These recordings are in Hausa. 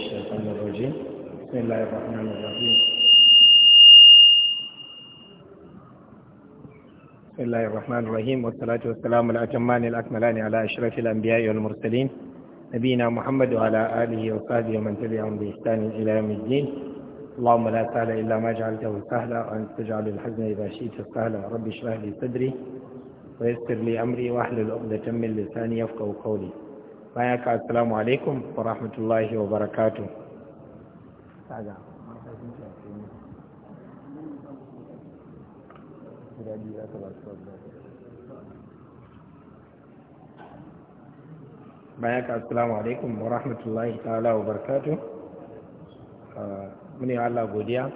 الشيطان الرجيم بسم الله الرحمن الرحيم بسم الله الرحمن الرحيم والصلاة والسلام الأتمان الأكملان على أشرف الأنبياء والمرسلين نبينا محمد وعلى آله وصحبه ومن تبعهم بإحسان إلى يوم الدين اللهم لا سهل إلا ما جعلته سهلا وأن تجعل الحزن إذا شئت سهلا رب اشرح لي صدري ويسر لي أمري واحلل عقدة من لساني يفقه قولي bayan ka assalamu alaikum wa rahmatullahi wa barakatu bayan ka assalamu alaikum wa rahmatullahi ta'ala wa barakatu ah, muni Allah godiya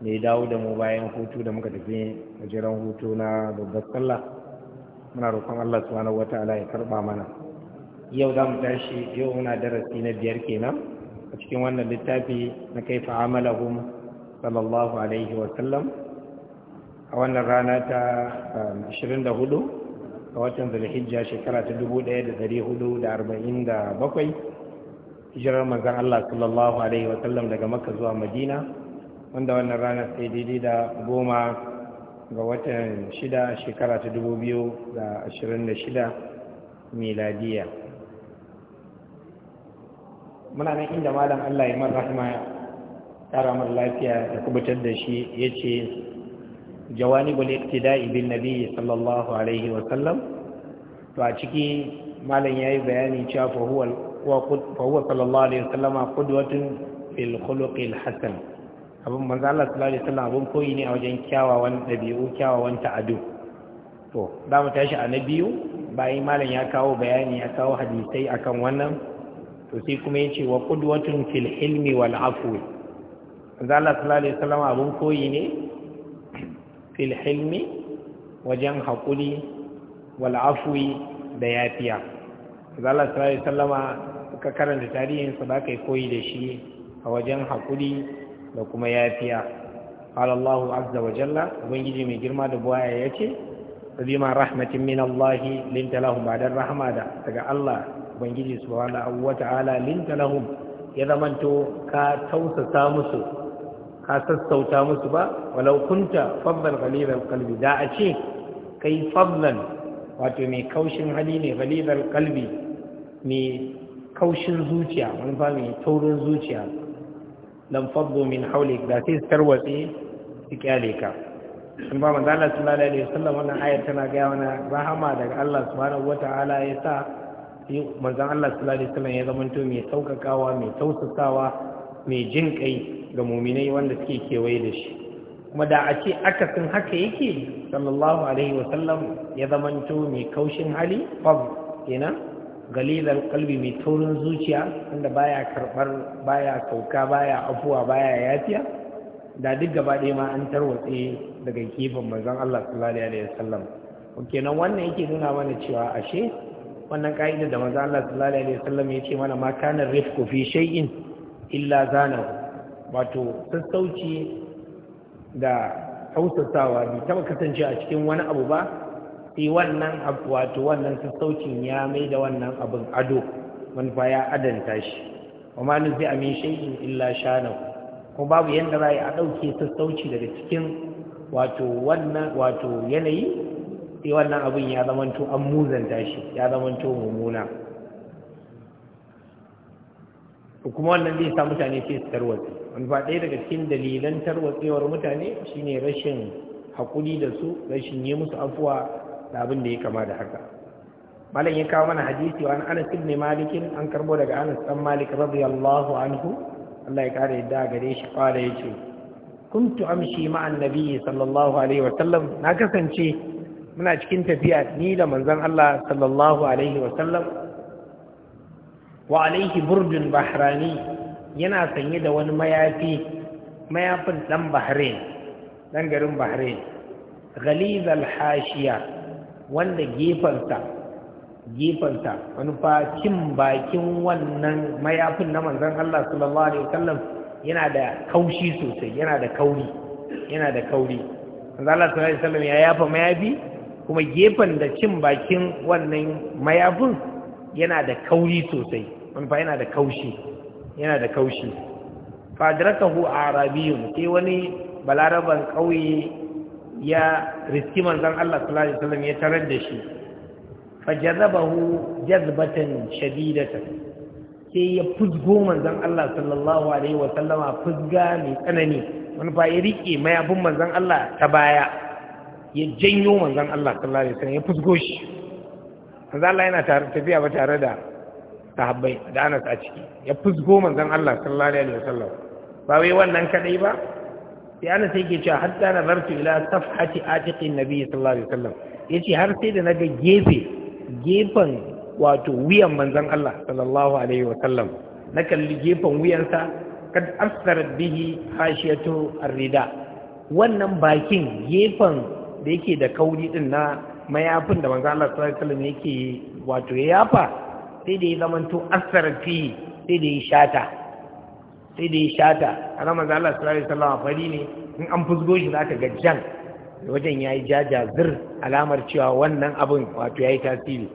ne dawo da mu bayan hutu da muka tafi a jiran hutu na babbar sallah muna roƙon Allah subhanahu ta'ala ya karɓa mana yau za mu tashi yau muna darasi na biyar kenan a cikin wannan littafi na kai fa'amalahum sallallahu alaihi wasallam a wannan rana ta 24 um, a watan zulhijja shekara ta 1447 hijirar manzon Allah sallallahu alaihi wasallam daga makka zuwa madina wanda wannan rana sai daidai da goma ga watan shida shekara ta 2026 miladiyya muna nan inda malam Allah ya mar rahma ƙara mar lafiya da kubutar da shi ya ce jawani jawanibul iktida'i bin nabi sallallahu alaihi wa sallam to a ciki malam yayi bayani cewa fa huwa fa huwa sallallahu alaihi wa sallama qudwatun fil khuluqil hasan abin manzo Allah sallallahu alaihi wa sallam abin koyi ne a wajen kyawawan dabi'u kyawawan ta'adu to da mu tashi a na bayan malam ya kawo bayani ya kawo hadisai akan wannan to kuma kuma ce wa qudwatun fil hilmi wal afwi Allah sallallahu alaihi wasallam abun koyi ne fil hilmi wajen haƙuri wal afwi da yafiya Allah sallallahu alaihi ka karanta tarihin sa da kai koyi da shi a wajen haƙuri da kuma yafiya قال الله عز وجل ubangiji mai girma da buwaya yace bima rahmatin min Allah linta lahum ba'da rahmada daga Allah ubangiji subhanahu wata'ala linta lahum ya zamanto ka tausasa musu ka sassauta musu ba walau kunta fadlan ghalidal qalbi da a ce kai fadlan wato mai kaushin hali ne ghalidal qalbi mai kaushin zuciya wani ba mai taurin zuciya lam faddu min hawlik da sai tarwatse su kyale ka in ba manzo Allah sallallahu alaihi wasallam wannan ayar tana ga wani rahama daga Allah subhanahu wata'ala ya sa sai manzan Allah sallallahu alaihi ya zamanto mai saukakawa mai tausasawa mai jin kai ga muminai wanda suke kewaye da shi kuma da a ce akasin haka yake sallallahu alaihi wasallam ya zamanto mai kaushin hali fab kenan galilan kalbi mai taurin zuciya wanda baya karbar baya sauka baya afuwa baya yafiya da duk gaba ɗaya ma an tarwatse daga gefen manzon Allah sallallahu alaihi wasallam kenan wannan yake nuna mana cewa ashe wannan ƙa'idar da maza Allah sallallahu alaihi wasallam ya ce mana makanar kana rifqu fi shay'in illa zanahu wato sassauci da hausasawa bai taba kasance a cikin wani abu ba sai wannan abu wato wannan sassaucin ya mai da wannan abin ado manufa ya adanta shi wa ma nuzi amin shay'in illa shana Kuma babu yadda za a ɗauke sassauci daga cikin wato wannan wato yanayi sai wannan abin ya zamanto an muzanta shi ya zamanto mummuna kuma wannan zai sa mutane sai su tarwatse wani ba ɗaya daga cikin dalilan tarwatsewar mutane shine rashin haƙuri da su rashin yi musu afuwa da abin da ya kama da haka malam ya kawo mana hadisi wa anas ibn malik an karbo daga anas dan malik radiyallahu anhu Allah ya kare yadda gare shi kwala yace kuntu amshi ma'an nabiyyi sallallahu alaihi wa sallam na kasance muna cikin tafiya ni da manzon Allah sallallahu alaihi wasallam wa alaihi burjun bahrani yana sanye da wani mayafi mayafin dan bahrain dan garin bahrain ghaliz al-hashiya wanda gefensa gefensa wani fakin bakin wannan mayafin na manzon Allah sallallahu alaihi wasallam yana da kaushi sosai yana da kauri yana da kauri manzon Allah sallallahu alaihi wasallam ya yafa mayafi kuma gefen da cin bakin wannan mayafin yana da kauri sosai manufa yana da kaushi yana da kaushi fadrakahu arabiyun sai wani balaraban ƙauye ya riski manzan Allah sallallahu alaihi wasallam ya tarar da shi fajazabahu jazbatan shadidatan sai ya fuzgo manzan Allah sallallahu alaihi wasallama fuzga mai tsanani manufa ya rike mayafin manzan Allah ta baya ya janyo manzon Allah sallallahu alaihi wasallam ya fusgo shi manzon Allah yana tafiya ba tare da sahabbai da Anas a ciki ya fusgo manzon Allah sallallahu alaihi wasallam ba wai wannan kadai ba sai Anas yake cewa hatta nazartu ila safhati atiqin nabiy sallallahu alaihi wasallam yace har sai da naga gefe gefen wato wuyan manzon Allah sallallahu alaihi wasallam na kalli gefen wuyansa kad asfarat bihi hashiyatu arrida wannan bakin gefen da yake da kauri din na mayafin da manzo Allah sallallahu alaihi wasallam yake wato ya yafa sai da ya zamanto asarfi sai da ya shata sai da ya shata ana manzo Allah sallallahu alaihi wasallam fari ne in an fusgo shi zaka ga jan wajen yayi jaja zir alamar cewa wannan abin wato yayi tasiri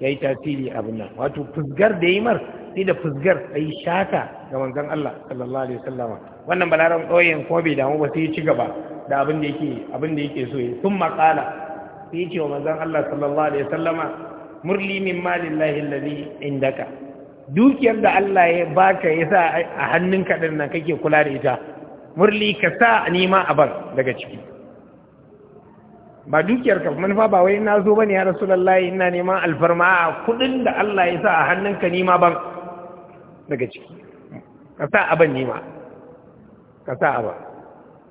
yayi tasiri abin nan wato fusgar da yimar sai da fusgar a yi shata ga manzan Allah sallallahu alaihi wasallam wannan balaran ƙauyen kuma bai damu ba sai ya ci gaba da abin da yake abin da yake so yi sun makala sai ya ce wa manzan Allah sallallahu alaihi wasallam murli min malillahi alladhi indaka dukiyar da Allah ya baka ya sa a hannunka din nan kake kula da ita murli ka sa nima a bar daga ciki ba dukiyar ka manufa ba wai na zo bane ya rasulullahi ina neman alfarma kudin da Allah ya sa a hannunka nima ban daga ciki ka sa abin nima ma ka sa aba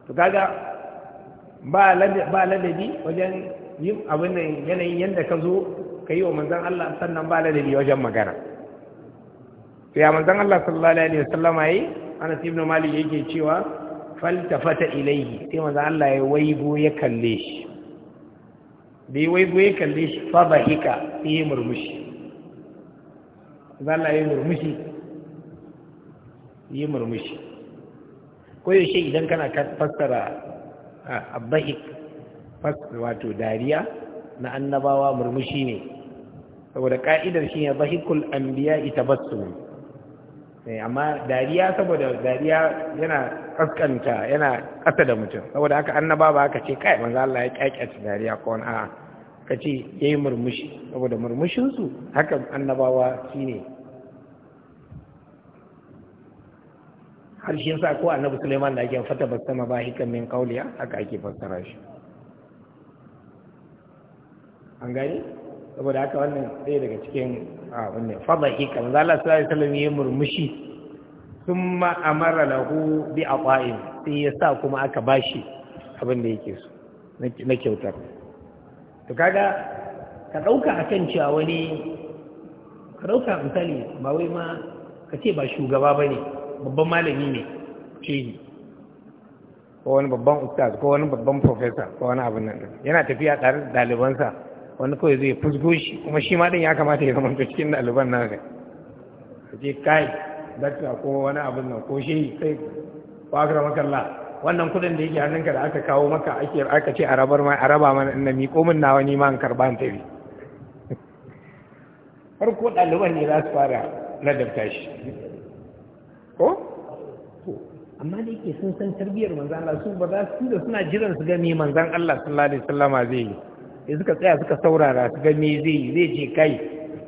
to kaga ba ladabi wajen yin abin nan yanayin yadda ka zo ka yi wa manzan Allah sannan ba ladabi wajen magana to ya manzan Allah sallallahu alaihi wasallam yayi ana ibn Malik yake cewa faltafata ilayhi sai manzan Allah ya waigo ya kalle shi da ya waigo ya kalle shi fa bahika sai murmushi manzan Allah ya murmushi yi murmushi koyaushe idan kana fassara ah, abba'ik wato dariya na annabawa murmushi ne saboda ka'idar shi ne bahikul anbiya ita basu eh, amma dariya saboda dariya yana kaskanta yana kasa da mutum saboda haka annaba ba aka ce kai manzo Allah ya kyakyace dariya ko wani a'a ka ce yayi murmushi saboda murmushinsu hakan annabawa shine har shi yasa ko annabi Sulaiman da ake fata basama ba hikan min qawliya haka ake fassara shi an gani saboda haka wannan sai daga cikin a wannan fadha hikan manzo Allah sallallahu alaihi wasallam ya murmushi thumma amara lahu bi aqa'in sai ya sa kuma aka bashi abin da yake so na kyautar to kaga ka ɗauka a kan cewa wani ka ɗauka misali ba wai ma ka ce ba shugaba ba ne babban malami ne shehi ko wani babban ustaz ko wani babban professor ko wani abin nan yana tafiya tare da dalibansa wani kawai zai fusgo shi kuma shi ma din ya kamata ya zama cikin daliban nan kai ka ce kai dakta ko wani abin nan ko shehi kai ko kalla. wannan kudin da yake hannunka da aka kawo maka ake aka ce a rabar mai a raba mana ina miƙo min nawa ni ma an karba an tafi ko ɗaliban ne za su fara ladabta shi ko amma da yake sun san tarbiyyar manzan Allah su ba za su da suna jiran su ga me manzan Allah sallallahu alaihi wasallama zai yi sai suka tsaya suka saurara su ga me zai yi zai je kai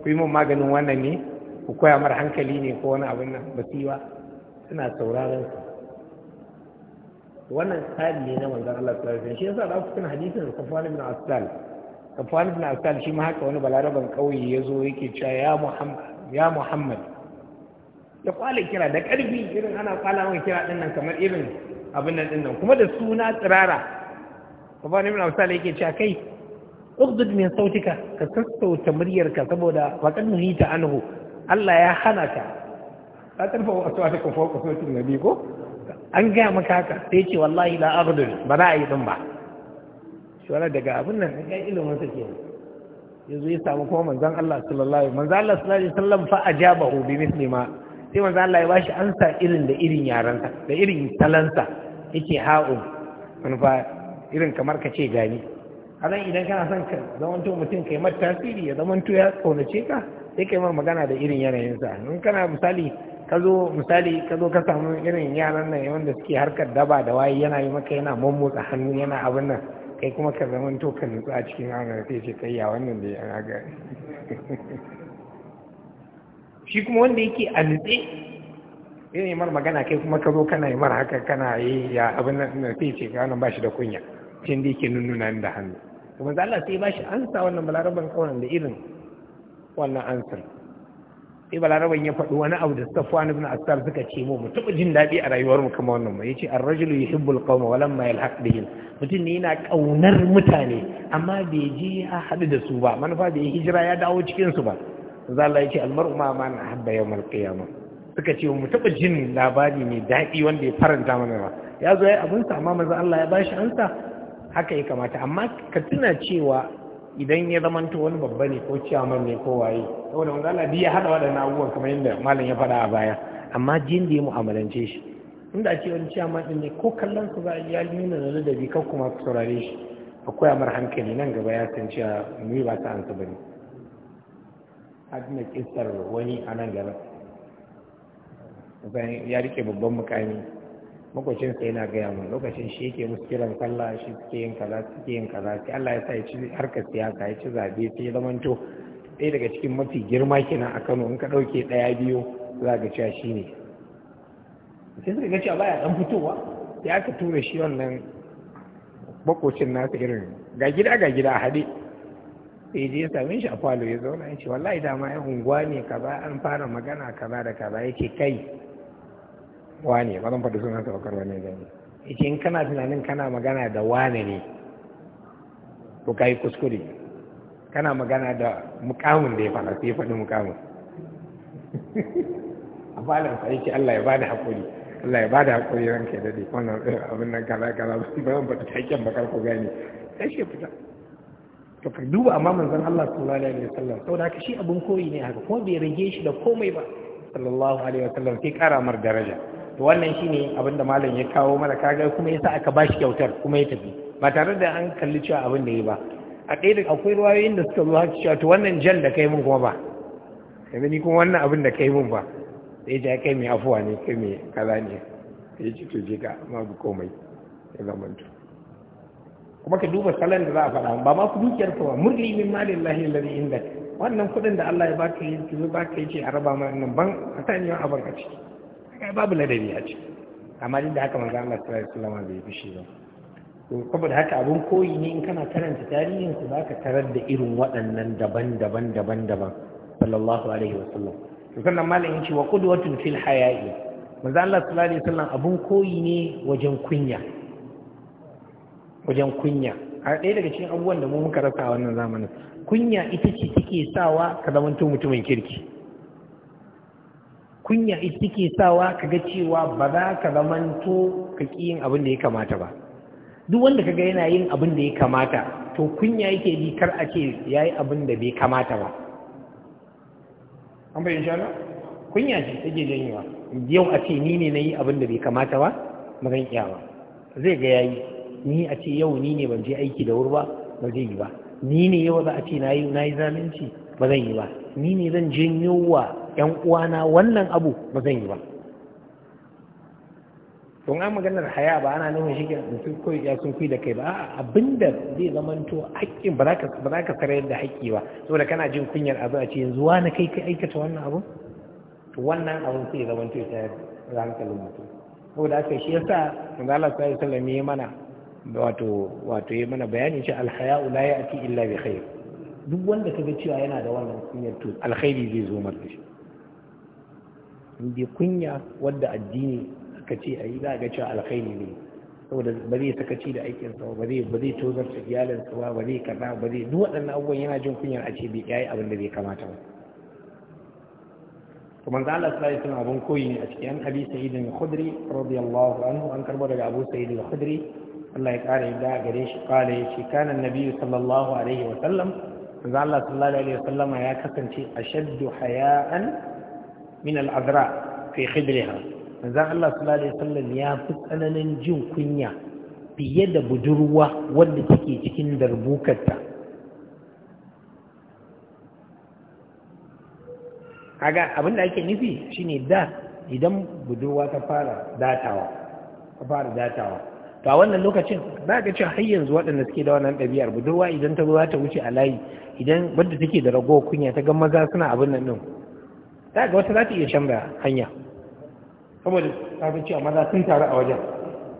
ku yi mun maganin wannan ne ku koya mar hankali ne ko wani abin nan ba su yi ba suna sauraron su wannan tsari ne na manzan Allah sallallahu alaihi wasallam shi yasa da ku kan hadisin Safwan ibn Asal Safwan ibn Asal shi ma haka wani balaraban kauye ya zo yake cewa ya Muhammad ya Muhammad ya kwala kira da ƙarfi irin ana kwala mai kira ɗin nan kamar irin abin nan ɗin nan kuma da suna tsirara ba ne muna misali yake cewa kai uqdud min sautika ka sassauta muryarka saboda nuni ta anhu Allah ya hana ka ta tarfa wa aswatukum fawqa sawti nabi ko an gaya maka haka sai ce wallahi la aghdud ba za a yi din ba shi wala daga abin nan ga ilimin sa kenan yanzu ya samu kuma manzon Allah sallallahu alaihi manzon Allah wasallam fa ajabahu bi mithli ma sai wanzu Allah ya bashi ansa irin da irin yaransa da irin talansa yake ha'u manufa irin kamar ka ce gani anan idan kana son ka to mutum kai mata tasiri ya zamanto ya kaunace ka sai kai yi magana da irin yanayinsa in kana misali ka zo misali ka zo ka samu irin yaran nan wanda suke harkar daba da waye yana yi maka yana mummutsa hannu yana abin nan kai kuma ka to ka nutsu a cikin hanyar sai ce kai ya wannan da ya ga shi kuma wanda yake a nutse yana mar magana kai kuma ka zo kana yi mar haka kana yi ya abin nan sai ce ga wannan bashi da kunya cikin da yake nunnuna da hannu kuma za Allah sai bashi ansa wannan balaraban kauran da irin wannan ansar sai balaraban ya faɗi wani abu da na ibn Asar suka ce mu mu taɓa jin daɗi a rayuwar mu kamar wannan mai yace an rajulu yuhibbul qawma wa lamma yalhaq yin. mutum ne yana kaunar mutane amma bai je ya haɗu da su ba manufa da ya hijira ya dawo cikin su ba zala yake almar'u ma man ahabba yawmal qiyamah suka ce mu taba jin labari mai daɗi wanda ya faranta mana ba ya zo ya abinsa amma maza Allah ya bashi ansa haka ya kamata amma ka tuna cewa idan ya zamanta wani babba ne ko ciyaman ne ko waye saboda manzo Allah ya haɗa waɗannan abubuwan kamar yadda malam ya faɗa a baya amma jin da ya mu'amalance shi inda a ce wani ciyaman ɗin ne ko kallon su za ya nuna ladabi kan kuma ku saurare shi akwai amar hankali nan gaba ya san cewa mu ba ta ansa ne. adina kisar wani a nan gaba ya rike babban mukami makwacinsa yana gaya mun lokacin shi yake musu kiran sallah shi suke yin kaza suke yin kaza sai Allah ya sa ya ci harkar siyasa ya ci zabe sai ya zamanto ɗaya daga cikin mafi girma kenan a Kano in ka ɗauke ɗaya biyu za ka cewa shi ne sai suka ga cewa baya dan fitowa sai aka tura shi wannan makocin nasa irin ga gida ga gida a sai je ya same shi a falo ya zauna ya ce wallahi dama ya unguwa ne kaza an fara magana kaza da kaza ya ce kai wane ba zan faɗi sunan saukar wani gani ya ce in kana tunanin kana magana da wane ne to ka yi kuskure kana magana da mukamin da ya fara sai ya faɗi mukamin a falon sa ya ce Allah ya ba da haƙuri Allah ya ba da haƙuri ranka ya daɗe wannan eh, abin nan kala kala ba zan faɗi taken bakar ku gane sai shi fita to ka duba amma manzon Allah sallallahu alaihi wasallam da haka shi abun koyi ne haka kuma bai rage shi da komai ba sallallahu alaihi wasallam sai kara mar daraja to wannan shine abinda malam ya kawo mana kaga kuma yasa aka bashi kyautar kuma ya tafi ba tare da an kalli cewa abin da ya ba a ɗaya da akwai ruwayoyin da suka zo haka cewa to wannan jan da kai mun kuma ba yanzu ni kuma wannan abin da kai mun ba sai ja kai mai afuwa ne kai mai kaza ne sai ci to je ka ma komai ya zamantu kuma ka duba salon da za a faɗa ba ma ku dukiyar ba murni min malin lahi lalli inda wannan kuɗin da Allah ya baka yi ki zo baka yi ce a raba ma nan ban a saniyar abin a ciki kai babu ladabi a ciki amma inda haka manzo Allah sallallahu alaihi wasallam bai fushi ba to da haka abun koyi ne in kana karanta tarihin ku zaka tarar da irin waɗannan daban-daban daban-daban sallallahu alaihi wasallam to sannan malamin ce wa qudwatun fil haya'i manzo Allah sallallahu alaihi wasallam abun koyi ne wajen kunya wajen kunya a ɗaya daga cikin abubuwan da mu muka rasa a wannan zamanin kunya ita ce take sawa ka zamanto mutumin kirki kunya ita take sawa ka ga cewa ba za ka to ka ki yin abin da ya kamata ba duk wanda ka ga yana yin abin da ya kamata to kunya yake bi kar a ce ya yi abin da bai kamata ba an bayan shana kunya ce take janyewa yau a ce ni ne na yi abin da bai kamata ba magan kyawa? zai ga yayi ni a ce yau ni ne ban je aiki da wuri ba ba zai yi ba ni ne yau za a ce na yi zalunci ba zan yi ba ni ne zan je wa 'yan uwana wannan abu ba zan yi ba don an maganar haya ba ana nuna shi ke sun koyi ya sun da kai ba abinda zai zamanto haƙƙin ba za ka sarayar da haƙƙi ba saboda kana jin kunyar abu a ce yanzu wani kai ka aikata wannan abu to wannan abu sai zamanto ya tayar da hankalin mutum saboda aka shi yasa manzo Allah sallallahu alaihi wasallam ya mana wato wato ya mana bayanin shi alhaya'u la ya'ti illa bi khair duk wanda kaga cewa yana da wannan kunyar to alkhairi zai zo masa shi in kunya wadda addini aka ce ayi za ga cewa alkhairi ne saboda ba zai sakaci da aikin sa ba zai ba zai tozarta iyalin sa ba zai kaza ba zai duk waɗannan abubuwan yana jin kunyar a ce bai yayi abin da bai kamata ba to manzo Allah sallallahu alaihi wasallam abun koyi ne a cikin hadisi Sa'id khudri radiyallahu anhu an karbo daga Abu Sa'id khudri Allah ya ƙara yadda a gare shi ya ce kana nabiyyu sallallahu alaihi wa sallam manzo Allah sallallahu alaihi wa sallam ya kasance ashaddu haya'an min al-azra fi khidriha manzo Allah sallallahu alaihi wa sallam ya fi tsananin jin kunya fiye da budurwa wanda take cikin darbukarta kaga abin da ake nufi shine da idan budurwa ta fara datawa ta fara datawa to a wannan lokacin za ga cewa har yanzu waɗanda suke da wannan ɗabi'ar budurwa idan ta zo za ta wuce a layi idan wadda take da ragowar kunya ta ga maza suna abin nan ɗin za ga wata za ta iya canza hanya saboda ta ga cewa maza sun taru a wajen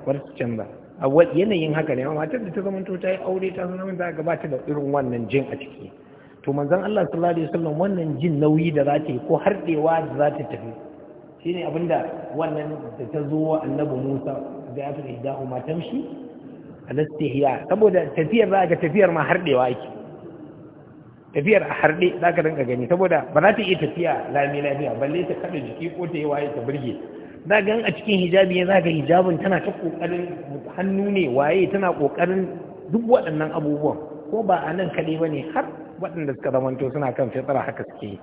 wata su canza a yanayin haka ne amma matar da ta zama ta yi aure ta zama za ga ba ta da irin wannan jin a ciki to manzon Allah sallallahu alaihi wasallam wannan jin nauyi da za ta yi ko harɗewa da za ta tafi shine abinda wannan da ta zo wa annabi Musa الرابعة إهداهما a على الاستهياء saboda tafiyar za ga tafiyar ma hardewa ake tafiyar a harde za ka rinka gani saboda ba za ta iya tafiya lami lafiya balle ta kada jiki ko ta yi waye ta burge za ga a cikin hijabi ya za ga hijabin tana ta kokarin hannu ne waye tana kokarin duk waɗannan abubuwan ko ba a nan kaɗai ba ne har waɗanda suka zamanto suna kan fitsara haka suke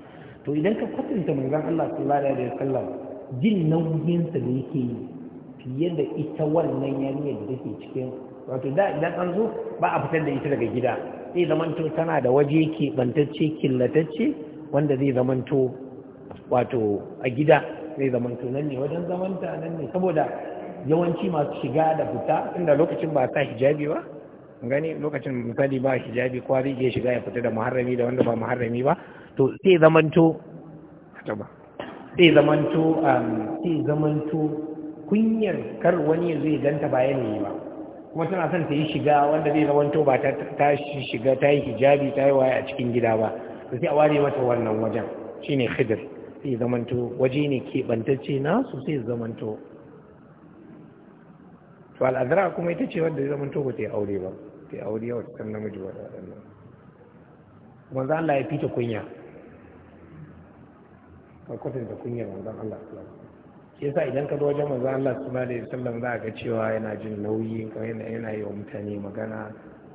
to idan ka kwatanta gan Allah sallallahu alaihi wasallam jin nauyinsa da yake yi fiye da ita wannan yariyar da take cikin wato da idan an zo ba a fitar da ita daga gida zai zamanto tana da waje bantacce killatacce wanda zai zamanto wato a gida zai zamanto nan ne wajen zamanta nan ne saboda yawanci masu shiga da fita inda lokacin ba sa hijabi ba gani lokacin misali ba hijabi kowa zai iya shiga ya fita da muharrami da wanda ba muharrami ba to sai zamanto ba sai zamanto sai um, zamanto kunyar kar wani ya zai ganta bayan ne ba kuma tana son ta yi shiga wanda zai zamanto ba ta shiga ta yi hijabi ta yi waya a cikin gida ba da sai a ware mata wannan wajen shine khidir sai zamanto waje ne keɓantacce su sai zamanto to al'adara kuma ita ce wadda zamanto ba ta yi aure ba ta yi aure yawa kan namiji ba da waɗannan manzo Allah ya fita kunya ka kwatanta kunyar manzon Allah sallallahu yasa idan ka zo wajen manzo Allah sallallahu alaihi wasallam za ga cewa yana jin nauyi yana yana yi wa mutane magana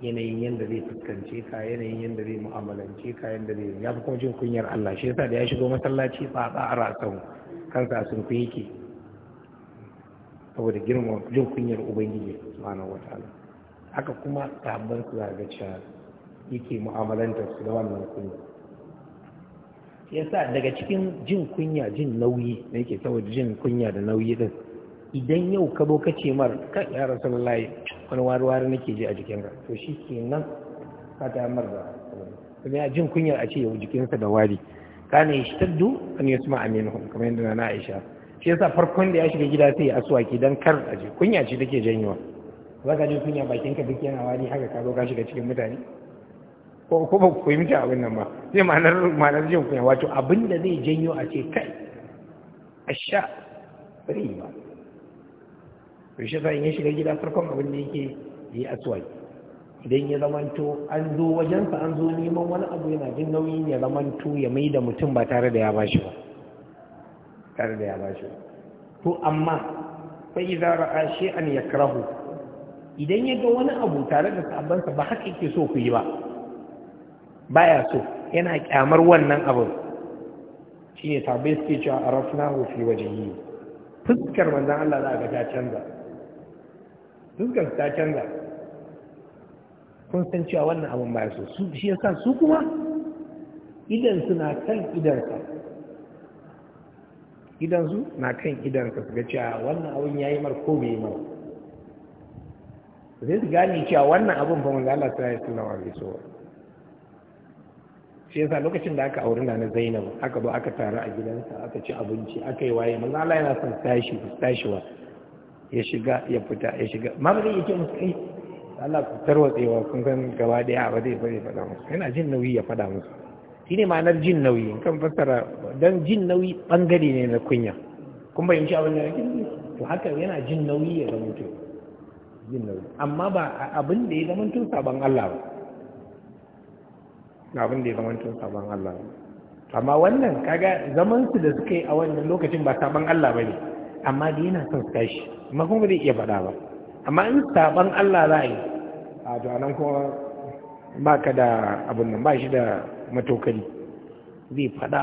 yanayin yadda zai fuskance ka yanayin yadda zai mu'amalance ka yadda zai ya fi kuma jin kunyar Allah shi yasa da ya shigo masallaci tsatsa a rasan kansa sun fi yake saboda girma jin kunyar ubangiji subhanahu wataala haka kuma sahabban su ga cewa yake mu'amalantar su da wannan kunya Ya sa daga cikin jin kunya jin nauyi da yake saboda jin kunya da nauyi din idan yau ka ka ce mar ka ya rasulullahi wani warware nake ji a jikinka to shi nan ka ta mar da kuma ya jin kunya a ce yau jikinsa da wari shi taddu an yasma aminuhum kamar yadda na Aisha shi yasa farkon da ya shiga gida sai ya aswaki dan kar a ji kunya ce take janyowa ba ka ji kunya bakinka duk yana wari haka ka zo ka shiga cikin mutane ko ko ba ku fahimci abin nan ba sai ma'anar ma'anar jin kunya wato abin da zai janyo a ce kai asha riba to shi sai in shiga gida farkon abin da yake yi aswai idan ya zamanto an zo wajensa an zo neman wani abu yana jin nauyin ya zamanto ya mai da mutum ba tare da ya bashi ba tare da ya bashi ba to amma sai idza ra'a shay'an yakrahu idan ya ga wani abu tare da sabansa ba haka yake so ku yi ba baya so yana kyamar wannan abin shi ne sabai suke cewa a rafina wufi waje yi fuskar manzan Allah za a ga ta canza fuskar ta canza kun san cewa wannan abin baya so su shi sa su kuma idan na kan idansa idan su na kan idansa su ga cewa wannan abin ya yi marko ko bai yi marko zai su gane cewa wannan abin ba manzan Allah ta yi suna wa mai so shi yasa lokacin da aka auri na Zainab aka zo aka taru a gidansa aka ci abinci aka yi waye manzo Allah yana son tashi tashiwa ya shiga ya fita ya shiga Ma ba zai yake musu kai Allah ku tarwatsewa kun san gaba daya ba zai bari faɗa musu yana jin nauyi ya faɗa musu ne ma'anar jin nauyi in kan fassara dan jin nauyi bangare ne na kunya kun bayyana abin da yake to haka yana jin nauyi ya zama mutum jin nauyi amma ba abin da ya zama mutum saban Allah ba ga abin da ya zama tun sabon Allah amma wannan kaga zaman su da suka yi a wannan lokacin ba sabon Allah bane amma da yana son su tashi amma kuma zai iya faɗa ba amma in sabon Allah za a yi a to anan kuma ba ka da abin nan ba shi da matokali zai faɗa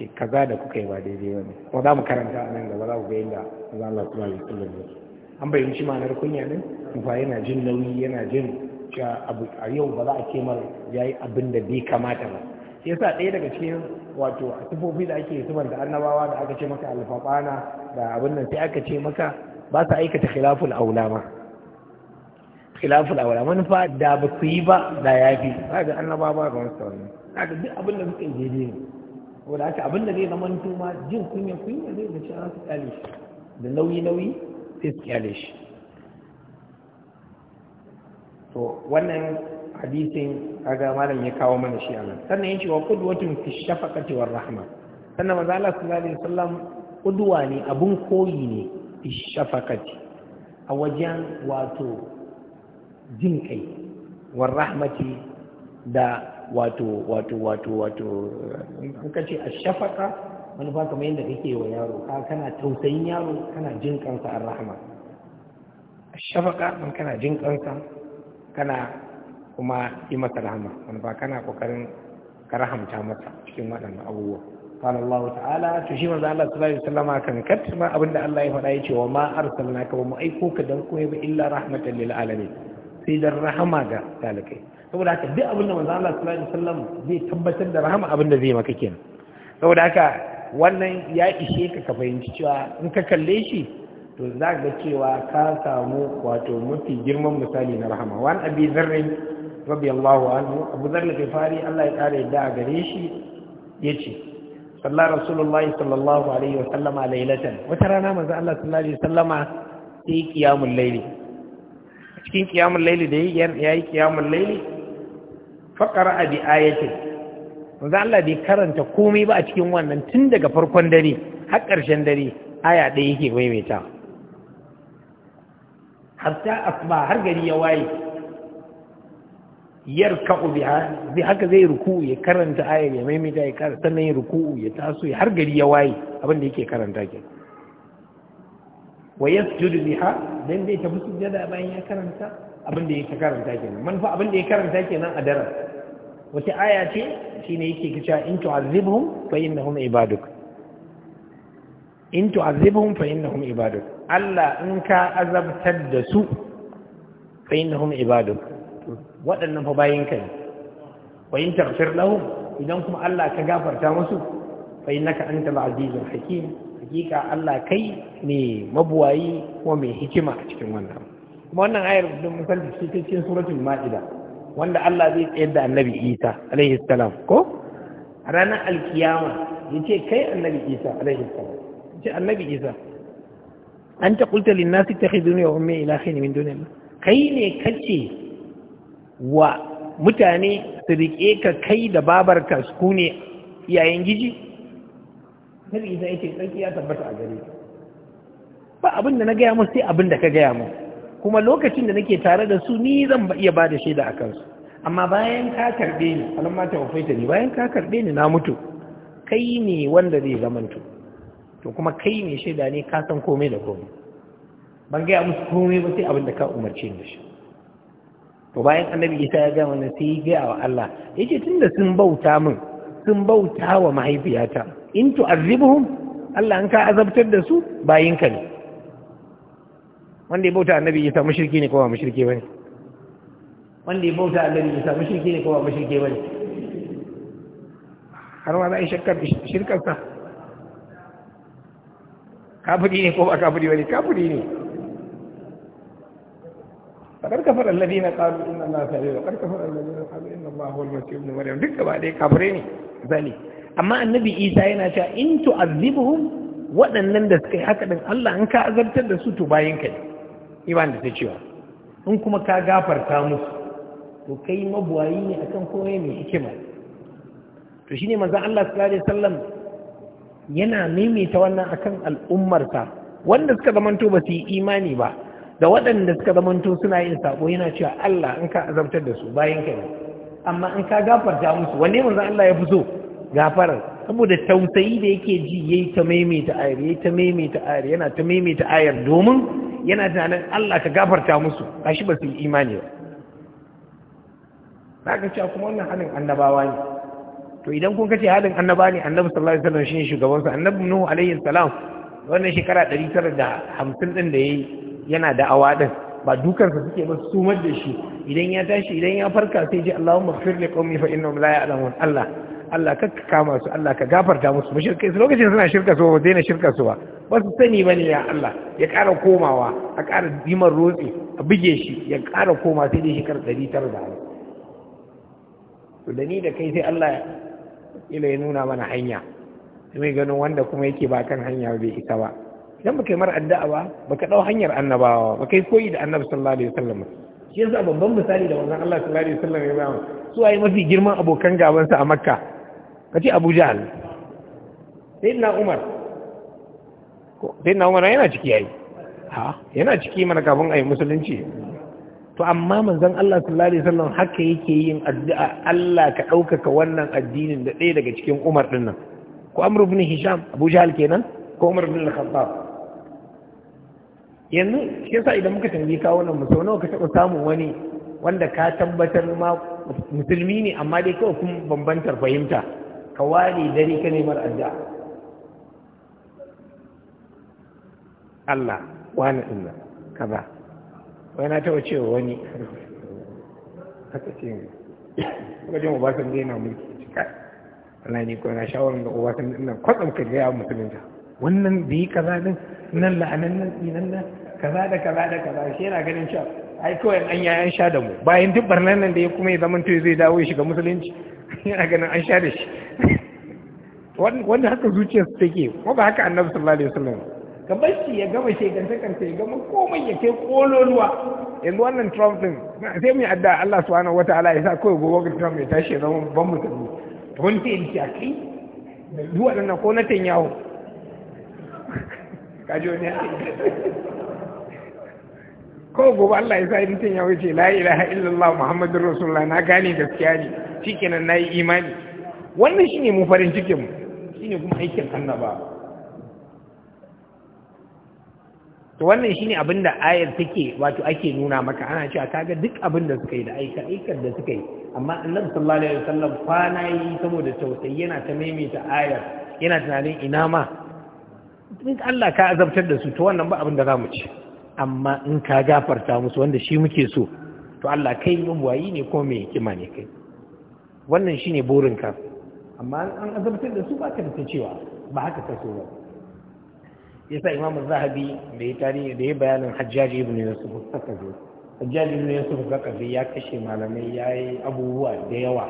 ce kaza da kuka yi ba daidai wani kuma za mu karanta a nan gaba za ku ga yadda za Allah su ba yi kullum an bayyana shi ma'anar kunya ne ba yana jin nauyi yana jin a yau ba za a ce mar ya yi abin da bi kamata ba shi yasa ɗaya daga cikin wato a tufofi da ake sumar da annabawa da aka ce maka alfafana da abin nan sai aka ce maka ba su aikata khilaful aula ma khilaful aula manufa da ba su yi ba da ya fi ba ga annabawa ba ga wasu wani haka duk abin da suka yi daidai ne wanda haka abin da zai zama ma jin kunya kunya zai zace an su kyale shi da nauyi nauyi sai su kyale shi to wannan hadisin kaga malam ya kawo mana shi anan sannan yace wa qudwatun fi shafaqati war rahma sannan manzo Allah sallallahu alaihi wasallam qudwa ne abun koyi ne fi shafaqati a wajen wato jin kai war rahmati da wato wato wato wato in kace a shafaqa wani ba kamar yadda kake wa yaro ka kana tausayin yaro kana jin kansa ar-rahma ash-shafaqa man kana jin kansa kana kuma yi masa rahama wani ba kana kokarin ka rahamta masa cikin waɗannan abubuwa قال الله تعالى تشي من الله صلى الله عليه وسلم كان كتما أبن الله يفعل أيش وما أرسلناك وما أيكوك دنكوه إلا رحمة للعالمين سيد الرحمة ذلك saboda haka duk abin da manzo Allah sallallahu alaihi wasallam zai tabbatar da rahama abin da zai maka kenan saboda haka wannan ya ishe ka ka fahimci cewa in ka kalle shi to za ga cewa ka samu wato mafi girman misali na rahama wani abi zarrin radiyallahu anhu abu zarrin fari. Allah ya kare da a gare shi Ya ce. sallallahu rasulullahi sallallahu alaihi wa sallama lailatan wata rana manzo Allah sallallahu alaihi wa sallama sai qiyamul layli cikin qiyamul laili da ya yi yayi laili? layli faqara bi ayatin manzo Allah bai karanta komai ba a cikin wannan tun daga farkon dare har ƙarshen dare aya ɗaya yake maimaitawa hatta asuba har gari ya waye yarka'u biha bi haka zai ruku'u ya karanta ayar ya maimaita ya karanta sannan ya ruku'u ya taso har gari ya waye abin da yake karanta ke wa yasjudu biha dan zai tafi sujjada bayan ya karanta abin da yake karanta kenan manfa abin da ya karanta kenan a daren wata aya ce shine yake kica in tu'azibhum fa innahum ibaduka in tu'azzibuhum fa innahum ibaduk Allah in ka azabtar da su fa innahum ibaduk waɗannan fa bayin ka ne wa in taghfir lahum idan kuma Allah ka gafarta musu fa innaka antal azizul hakim hakika Allah kai ne mabuwayi ko mai hikima a cikin wannan kuma wannan ayar da misali cikin suratul ma'ida wanda Allah zai tsayar da annabi Isa alaihi salam ko a ranar alkiyama yace kai annabi Isa alaihi salam ce annabi isa an ta kulta linnasi ta khiduni wa ummi ne min duniya kai ne kace wa mutane su riƙe ka kai da ka su ne yayin giji nabi isa yace tsarki ya tabbata a gare ba abin da na gaya musu sai abin da ka gaya mu kuma lokacin da nake tare da su ni zan iya ba da shaida a kansu amma bayan ka karbe ni alamma ta wafaita ni bayan ka karɓe ni na mutu kai ne wanda zai zamanto to kuma kai mai shaida ne ka san komai da komai ban gaya musu komai ba sai abin da ka umarce da shi to bayan annabi isa ya gama wannan sai ya gaya wa Allah yace tunda sun bauta min sun bauta wa mahaifiyata in tu'azzibuhum Allah an ka azabtar da su bayinka ne wanda ya bauta annabi isa mushriki ne ko ba mushriki bane wanda ya bauta annabi isa mushriki ne ko ba mushriki bane har ma za a yi shakkar shirkarsa kafiri ne ko ba kafiri wani kafiri ne fakar kafar alladhi na kalu inna allaha sa'id wa kar kafar alladhi na kalu inna allaha huwal masih ibn maryam duk ba dai kafire ne zali amma annabi isa yana cewa in tu'azzibuhum waɗannan da suka yi haka din Allah an ka azabtar da su to bayan ka ne iman da ta cewa in kuma ka gafarta musu to kai mabuwayi ne akan komai mai hikima to shine manzon Allah sallallahu alaihi wasallam yana maimaita wannan akan al'ummarsa wanda suka zamanto ba su yi imani ba da waɗanda suka zamanto suna yin sako yana cewa Allah in ka azabtar da su bayan ka amma in ka gafarta musu wanne manzo Allah ya fi so gafarar saboda tausayi da yake ji yayi ta maimaita ayar yayi ta maimaita ayar yana ta maimaita ayar domin yana tunanin Allah ka gafarta musu shi ba su yi imani ba zaka cewa kuma wannan halin annabawa ne to idan kun kace halin annaba ne annabi sallallahu alaihi wasallam shine shugaban sa annabi nuhu alaihi salam wannan shekara 950 din da yayi yana da awa din ba dukan sa suke ba su da shi idan ya tashi idan ya farka sai ji Allahumma ighfir li qaumi fa innahum la ya'lamun Allah Allah ka kama su Allah ka gafarta musu kai su lokacin suna shirka su ba daina shirka su ba ba su sani bane ya Allah ya ƙara komawa a ƙara dimar rotsi a buge shi ya ƙara koma sai dai shekara 950 to da ni da kai sai Allah ila ya nuna mana hanya mai ganin wanda kuma yake ba kan hanya bai isa ba idan baka yi mar addu'a ba baka dau hanyar annabawa baka yi koyi da annabi sallallahu alaihi wasallam shi yasa babban misali da wannan Allah sallallahu alaihi wasallam ya ba mu su ayi mafi girman abokan gaban sa a Makka kace Abu Jahl na Umar ko na Umar yana ciki yayi ha yana ciki mana kafin ayi musulunci to amma manzon Allah sallallahu alaihi wasallam haka yake yin addu'a Allah ka ɗaukaka wannan addinin da ɗaya daga cikin Umar din nan ko Amr ibn Hisham Abu Jahl kenan ko Umar ibn khattab yanzu shi yasa idan muka tambaye ka wannan musu nawa ka taba samun wani wanda ka tabbatar ma musulmi ne amma dai kawai kun bambantar fahimta ka ware dare ka nemar addu'a Allah wani inna kaza wai na taɓa cewa wani haka ce wajen obasan zai na mulki cika Allah ne kuma na shawarar da obasan da kwatsam ka gaya ta wannan da yi kaza din nan la'anan nan tsinan nan kaza da kaza da kaza shi yana ganin cewa ai kawai an yi an sha da mu bayan duk barnan nan da ya kuma ya zama to zai dawo ya shiga musulunci yana ganin an sha da shi wanda haka zuciyarsa take ko ba haka annabi sallallahu alaihi wasallam ka bashi ya gama shekarce-karce ya gama komai ya kai kololuwa yanzu wannan trump din sai mai adda allah subhanahu wata ala ya sa kawai gobe ga trump ya tashi ya zama ban musulmi wani sai yanki a kai zuwa nan ko na yawo kaji wani ya ko gobe Allah ya sa in tun ya ce la ilaha illallah muhammadur rasulullah na gane gaskiya ne shikenan nayi imani wannan shine mu farin cikin mu shine kuma aikin annaba to wannan shine abin da ayar take wato ake nuna maka ana cewa kaga duk abin da suka yi da aika aikar da suka yi amma annabi sallallahu alaihi wasallam kwana yi saboda tausayi yana ta maimaita ayar yana tunanin ina ma in Allah ka azabtar da su to wannan ba abin da zamu ci amma in ka gafarta musu wanda shi muke so to Allah kai wayi ne ko mai hikima ne kai wannan shine burinka amma an azabtar da su ba ka da cewa ba haka ka so ba yasa imamu zahabi da ya tarihi da ya bayanin hajjaji ibn yusuf sakafi hajjaji ibn yusuf sakafi ya kashe malamai ya yi abubuwa da yawa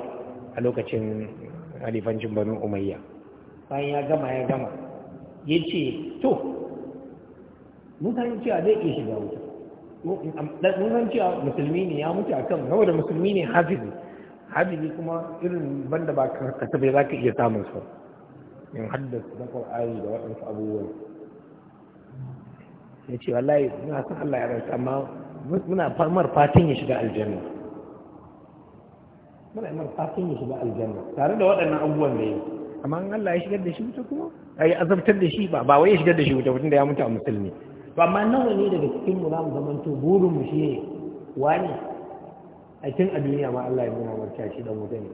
a lokacin halifancin banu umayya bayan ya gama ya gama ya ce to mutane cewa zai iya shiga wuta mun san cewa musulmi ne ya mutu a kan nawa da musulmi ne hafizi hafizi kuma irin banda ba ka bai za ka iya samun su in haddasa na ƙwar'ani da waɗansu abubuwan ya ce wallahi muna san Allah ya rasu amma muna famar fatin ya shiga aljanna muna famar fatin ya shiga aljanna tare da waɗannan abubuwan da yi amma Allah ya shigar da shi wuta kuma yi azabtar da shi ba ba wai ya shigar da shi wuta mutum da ya mutu a musulmi to amma nawa ne daga cikin mu zamu zaman to burin mu shi ne wani a cikin a duniya ma Allah ya nuna warka shi dan wuta ne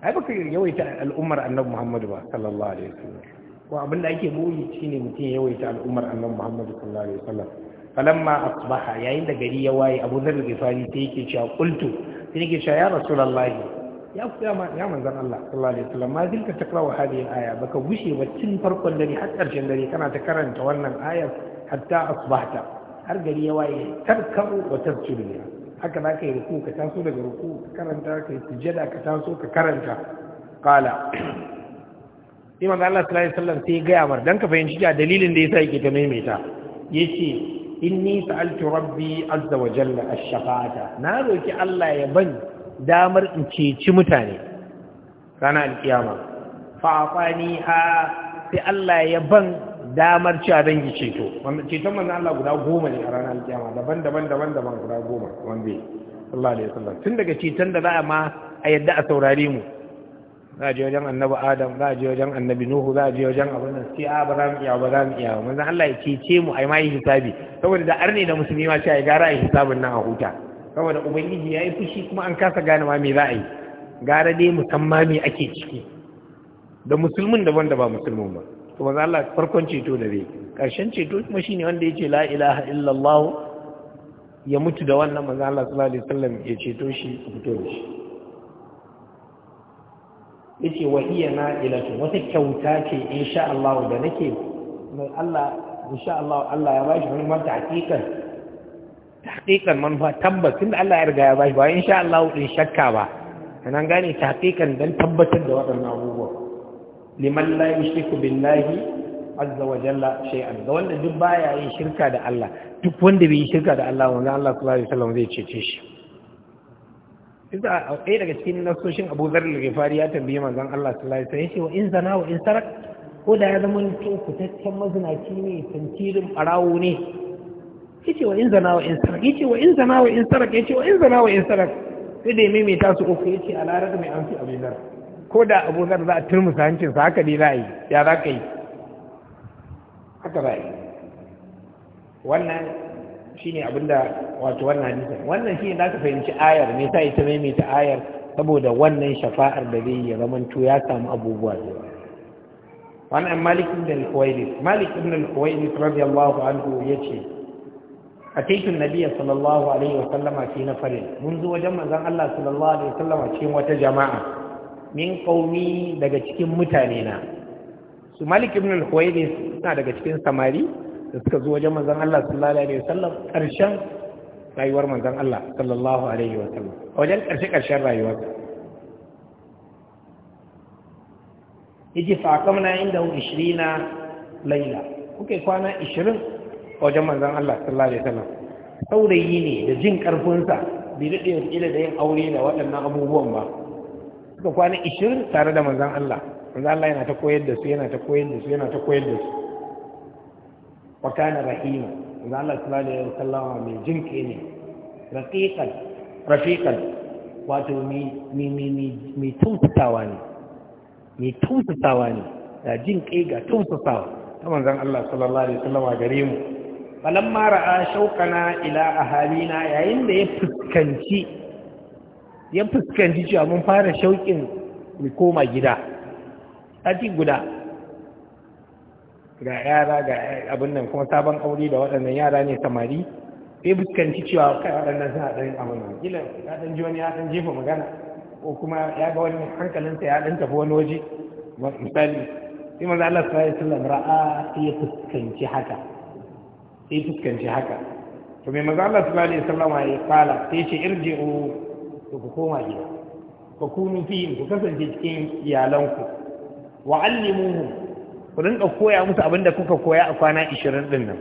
ai baka yawaita al'ummar annabi Muhammad ba sallallahu alaihi wasallam ko abinda da ake buri shine mutum ya yawaita al'ummar annabi Muhammadu sallallahu alaihi wasallam falamma asbaha yayin da gari ya waye Abu Dharr Ghifari sai yake cewa qultu sai yake cewa ya Rasulullah ya kiyama ya manzon Allah sallallahu alaihi wasallam ma zilka takrawa hadhihi al-aya baka gushe ba tun farkon dare har karshen dare kana ta karanta wannan ayar hatta asbahta har gari ya waye tarkaru wa tasjudu haka za ka yi ruku ka taso daga ruku ka karanta ka yi sujjada ka taso ka karanta qala sai manzo Allah sallallahu alaihi wasallam sai ya gaya mar dan ka fahimci ga dalilin da yasa yake ta maimaita yace inni sa'altu rabbi azza wa jalla ash-shafa'ata na roki Allah ya ban damar in ceci mutane ranar alkiyama fa afani ha sai Allah ya ban damar cewa zan yi ceto wannan ceton manzo Allah guda goma ne a ranar alkiyama daban-daban daban-daban guda goma wanda sallallahu alaihi wasallam tun daga ceton da za a ma a yadda a saurare mu za a je wajen annabi adam za a je wajen annabi nuhu za a je wajen abin nan sai a ba za mu iya ba za mu iya ba manzon Allah ya cece mu ai ma yi hisabi saboda da arne da musulmi ma sai ai gara ai hisabin nan a huta saboda ubangiji ya yi fushi kuma an kasa gane ma me za a yi gara dai musamma me ake ciki da musulmin da wanda ba musulmin ba to manzon Allah farkon ceto da zai karshen ceto kuma shine wanda yace la ilaha illallah ya mutu da wannan manzon Allah sallallahu alaihi wasallam ya ceto shi fito da shi yace wa iya na ilatu wata kyauta ce insha Allah da nake mai Allah insha Allah Allah ya bashi wani mata hakikan hakikan manfa tabbas tunda Allah ya riga ya bashi ba insha Allah din shakka ba nan gane ta hakikan dan tabbatar da waɗannan abubuwa liman la yushriku billahi azza wa jalla shay'an ga wanda duk baya yin shirka da Allah duk wanda bai yi shirka da Allah wanda Allah sallallahu alaihi wasallam zai cece shi isa a ɗaya daga cikin nasoshin abu da rifari ya tambaye manzon Allah sallallahu ya ce wa in zana wa in sarak ko da ya zama to fitaccen mazinaci ne tantirin barawo ne ya ce wa in zana wa in sarak ya ce wa in zana wa in sarak ce wa in zana wa in sarak sai da mai ta su uku ce a larar mai an fi zar ko da abu zar za a turmusa hancin sa haka ne za a yi ya za ka yi haka ba a yi wannan shine abinda wato wannan hadisin wannan shi ne za ka fahimci ayar me sa ita maimaita ayar saboda wannan shafa'ar da zai yi zaman to ya samu abubuwa da yawa wannan malik ibn al-khuwairis malik ibn al-khuwairis radiyallahu anhu yace ataitu nabiyya sallallahu alaihi wa sallama fi nafarin mun zo wajen manzon Allah sallallahu alaihi wa sallama cikin wata jama'a min qaumi daga cikin mutane na su malik ibn al-khuwairis suna daga cikin samari da suka zo wajen manzan Allah sallallahu alaihi wasallam karshen rayuwar manzan Allah sallallahu alaihi wasallam a wajen karshe karshen rayuwar yace fa na inda 20 laila kuke kwana 20 a wajen manzan Allah sallallahu alaihi wasallam saurayi ne da jin karfinsa bai daɗe wata da yin aure da waɗannan abubuwan ba suka kwana 20 tare da manzan Allah manzan Allah yana ta koyar da su yana ta koyar da su yana ta koyar da su wakana kana rahima manzo Allah sallallahu alaihi wasallam mai jinke ne raqiqan rafiqan wato mi mi mi mi tuntutawa ne mi tuntutawa ne da jinke ga tuntutawa ta manzon Allah sallallahu alaihi wasallam gare mu falamma ra'a shauqana ila ahalina yayin da ya fuskanci ya fuskanci cewa mun fara shauƙin mu koma gida sati guda ga yara ga abin nan kuma sabon aure da waɗannan yara ne samari sai fuskanci cewa kai waɗannan suna ɗan abin nan kila ya ɗan ji wani ya ɗan jefa magana ko kuma ya ga wani hankalinsa ya ɗan tafi wani waje misali sai manzo Allah sallallahu alaihi wasallam ra'a sai ya fuskanci haka sai fuskanci haka to mai manzo Allah sallallahu alaihi wasallam ya kala sai ce irji'u ku koma gida ku kunu fi ku kasance cikin iyalanku wa allimuhum ku rinka koya musu abin da kuka koya a kwana 20 din nan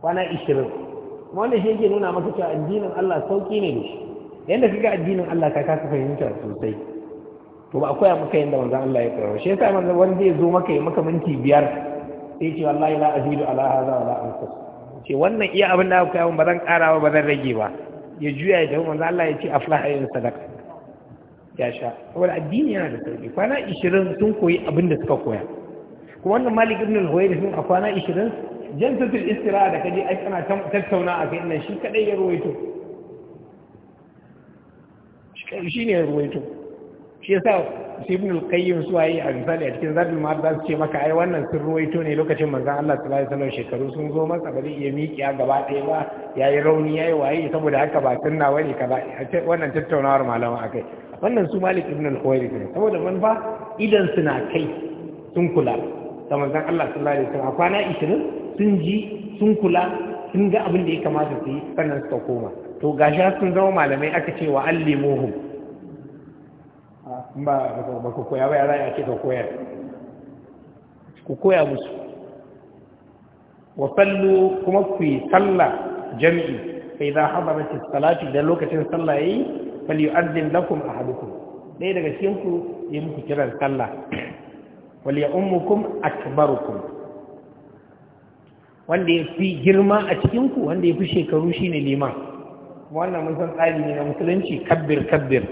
kwana 20 wanda shi yake nuna maka cewa addinin Allah sauki ne da shi yanda kaga addinin Allah ka kasa fahimta sosai to ba a koya maka yanda manzon Allah ya koyar shi yasa manzon wanda zai zo maka ya maka minti biyar sai ce wallahi la azidu ala hadha la anqus ce wannan iya abin da aka yi ba zan ƙara ba zan rage ba ya juya ya tafi manzo Allah ya ce aflaha yin sadaka ya sha saboda addini yana da sauki kwana 20 sun koyi abin da suka koya kuma wannan malik ibn al-huwayr sun a kwana 20 jansatul istira da kaje ai kana tattauna a kai nan shi kadai ya ruwaito shi ne ya ruwaito shi yasa shi ibn al-qayyim su waye a misali a cikin zabil ma za su ce maka ai wannan sun ruwaito ne lokacin manzon Allah sallallahu alaihi wasallam shekaru sun zo masa ba zai iya miƙiya gaba ɗaya ba yayi rauni yayi waye saboda haka ba sunna bane kaza wannan tattaunawar malama akai wannan su malik ibn al-huwayr ne saboda manfa idan suna kai sun kula da manzon Allah sallallahu alaihi wasallam kwana 20 sun ji sun kula sun ga abin da ya kamata su yi sannan suka koma to gashi sun zama malamai aka ce wa allimuhum ba ba ku koya ba yara ya ce ka koyar ku koya musu wa sallu kuma ku yi sallah jami'i sai za hadarat salati da lokacin sallah yayi falyu'azzin lakum ahadukum ɗaya daga cikin ku yi muku kiran sallah wal ummukum akbarukum wanda ya fi girma a cikinku wanda ya fi shekaru shine liman wannan mun san tsari ne na musulunci kabbir kabbir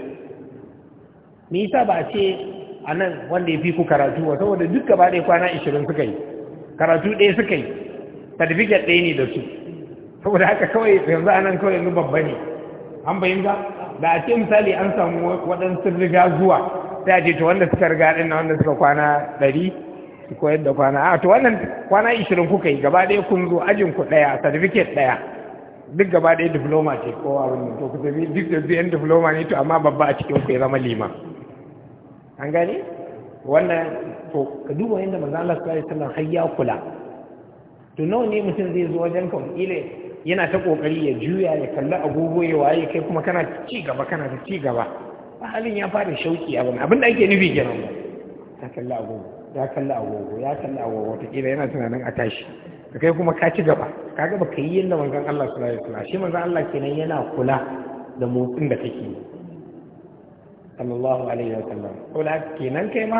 me yasa ba ce a nan wanda ya fi ku karatu ba saboda duk gaba ɗaya kwana ashirin suka yi karatu ɗaya suka yi certificate ɗaya ne da su saboda haka kawai yanzu a nan kawai yanzu babba ne an bayyanta da a ce misali an samu waɗansu riga zuwa sai a ce to wanda suka riga din na wanda suka kwana ɗari su koyar da kwana a to wannan kwana ishirin kuka yi gaba ɗaya kun zo ajin ku ɗaya certificate ɗaya duk gaba ɗaya diploma ce ko abin to ku tafi duk da biyan diploma ne to amma babba a cikin ku ya zama liman an gane wannan to ka duba yadda manzo Allah sallallahu alaihi har ya kula to nawa ne mutum zai zo wajen ka ile yana ta kokari ya juya ya kalli agogo ya waye kai kuma kana ci gaba kana ci gaba halin ya fara shauki a wani abinda ake nufi kenan ba ta kalla agogo ya kalla agogo ya kalla agogo wataƙila yana tunanin a tashi ka kai kuma ka ci gaba ka gaba ka yi yadda manzon Allah su rayu kula shi manzon Allah kenan yana kula da motsin da kake yi sallallahu alaihi wa sallam. ko da kenan kai ma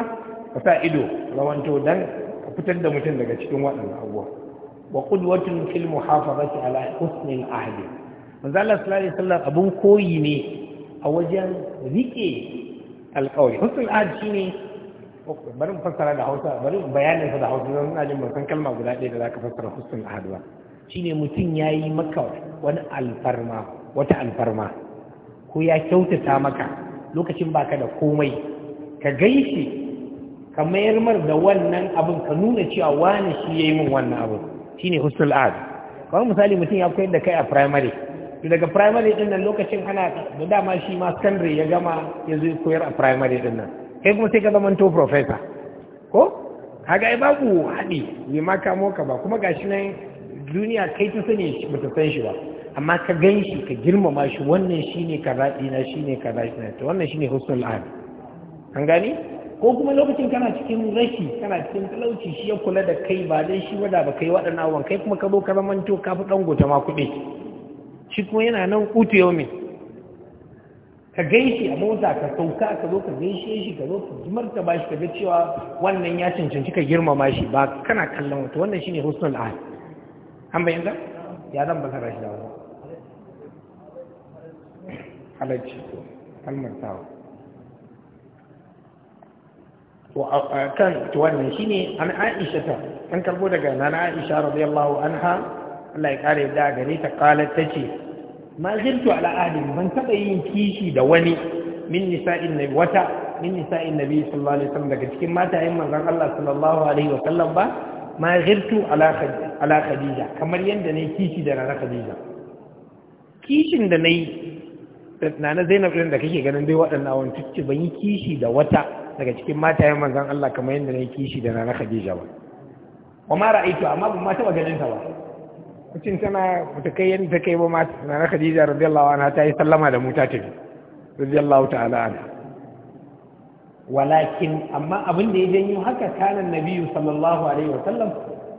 ka sa ido rawanto dan ka fitar da mutum daga cikin waɗannan abubuwa wa qudwatun fil muhafazati ala husnil ahli manzon Allah sallallahu alaihi sallam abun koyi ne a wajen rike alƙawari husnul shi ne, bari mu fassara da Hausa bari mu bayanin sa da Hausa don ina jin bakan kalma guda ɗaya da ka fassara husnul ahad ba shine mutum yayi maka wani alfarma wata alfarma ko ya kyautata maka lokacin baka da komai ka gaishe ka mayar mar da wannan abin ka nuna cewa wani shi yayi min wannan abin shine husnul ahad kamar misali mutum ya koyar da kai a firamare. daga primary din nan lokacin ana da dama shi ma secondary ya gama ya zo koyar a primary din nan kai kuma sai ka zama to professor ko kaga ai babu haɗi ne ma ka moka ba kuma gashi nan duniya kai ta sani shi ba san shi ba amma ka gan shi ka girmama shi wannan shine kaza na shine kaza shi to wannan shine husnul an an gani ko kuma lokacin kana cikin rashi kana cikin talauci shi ya kula da kai ba dai shi wada ba kai waɗannan abubuwan kai kuma ka zo ka zamanto to ka fi ɗan gota ma kuɗi shi kuma yana nan kutu yau mai ka gaishe a mota ka sauka ka zo ka gaishe shi ka zo ka jimarta ba shi ka ga cewa wannan ya cancanci ka girmama shi ba kana kallon wata wannan shine husnul ahad an bayyana ya zan ba zara shi da wani halacci kalmar tawa kan to wannan shine an Aisha ta an karbo daga nana Aisha radiyallahu anha Allah ya kare da gare ta qalat tace ma zirtu ala ahadin ban taba yin kishi da wani min nisa'in nabi wata min nisa'in nabi sallallahu alaihi wasallam daga cikin matayen manzon Allah sallallahu alaihi wasallam ba ma zirtu ala ala khadija kamar yanda ne kishi da rana khadija kishin da nayi na na Zainab din da kake ganin dai waɗannan awon tucci ban yi kishi da wata daga cikin matayen manzon Allah kamar yanda ne kishi da rana khadija ba wa ma ra'aitu amma ban ma taba ganin ta ba mutum tana ta kai yadda ta kai ba ma na na khadija radiyallahu anha ta yi sallama da mu ta tafi radiyallahu ta'ala anha walakin amma abin da ya janyo haka kana nabiyu sallallahu alaihi wa sallam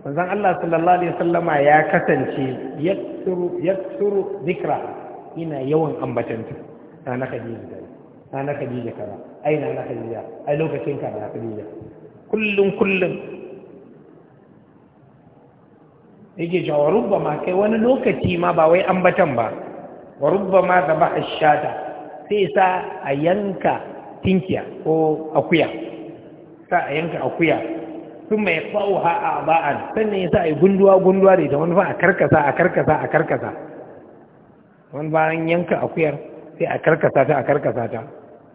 manzon Allah sallallahu alaihi wa sallama ya kasance yaksuru yaksuru dhikra ina yawan ambatanta na na Khadija na na Khadija kaza ai na na Khadija a lokacin ka na Khadija kullun kullun yake cewa rubba ma kai wani lokaci ma ba wai ambatan ba wa ma ba a ashata sai sa a yanka tinkiya ko akuya sa a yanka akuya sun mai ha a ba'an sannan ya sa a yi gunduwa gunduwa da ita wani ba a karkasa a karkasa a karkasa wani bayan yanka akuyar sai a karkasa ta a karkasa ta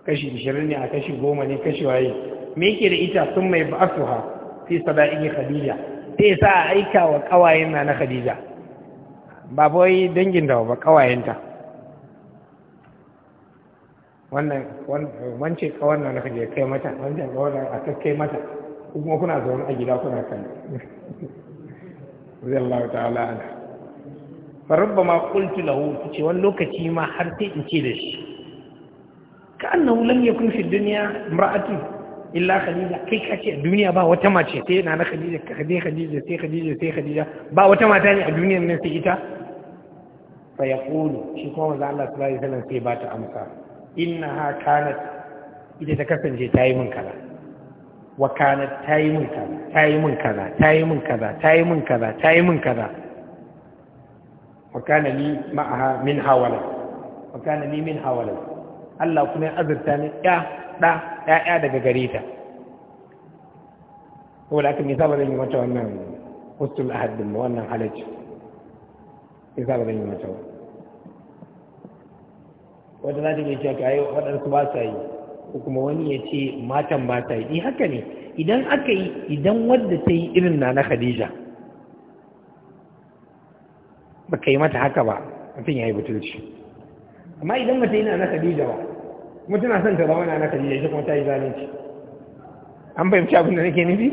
kashi 20 ne a kashi 10 ne kashi waye me yake da ita sun mai su ha sai sada'iƙi khadija yi sa a aika wa ƙawayen na na khadija ba bai dangin da ba ƙawayenta wannan wance ƙawar na na khadija kai mata wancan ƙawan a kai mata kuma kuna zaune a gida kuna kan zai Allah ta'ala ana farubba ma kultu lahu ce wani lokaci ma har sai in ce da shi ka annahu lam yakun fi dunya imra'atun illa khadija kai kace a duniya ba wata mace sai na na khadija sai khadija sai khadija sai khadija ba wata mata ne a duniyar nan sai ita fa kulu shi kuma wanda Allah sallallahu alaihi wasallam sai ba ta amsa ha kanat ita ta kasance ta yi min kaza wa kanat ta yi min kaza ta yi min kaza ta yi min kaza ta yi min kaza ta yi min kaza wa kana ma'aha min hawala wa kana min hawala Allah kuma ya azurta ni ya da ya daga gare ta saboda aka me ba zan yi mata wannan ustul ahad ba, wannan halacci me ba zan yi mata wata zata ke cewa ai waɗansu ba sa yi ko kuma wani ya ce matan ba ta yi Ni haka ne idan aka yi idan wadda ta yi irin na na khadija ba ka yi mata haka ba mutum ya yi butulci amma idan mace yana na khadija ba kuma tana son ta zama na Khadija shi kuma ta yi zalunci an fahimci abin da nake nufi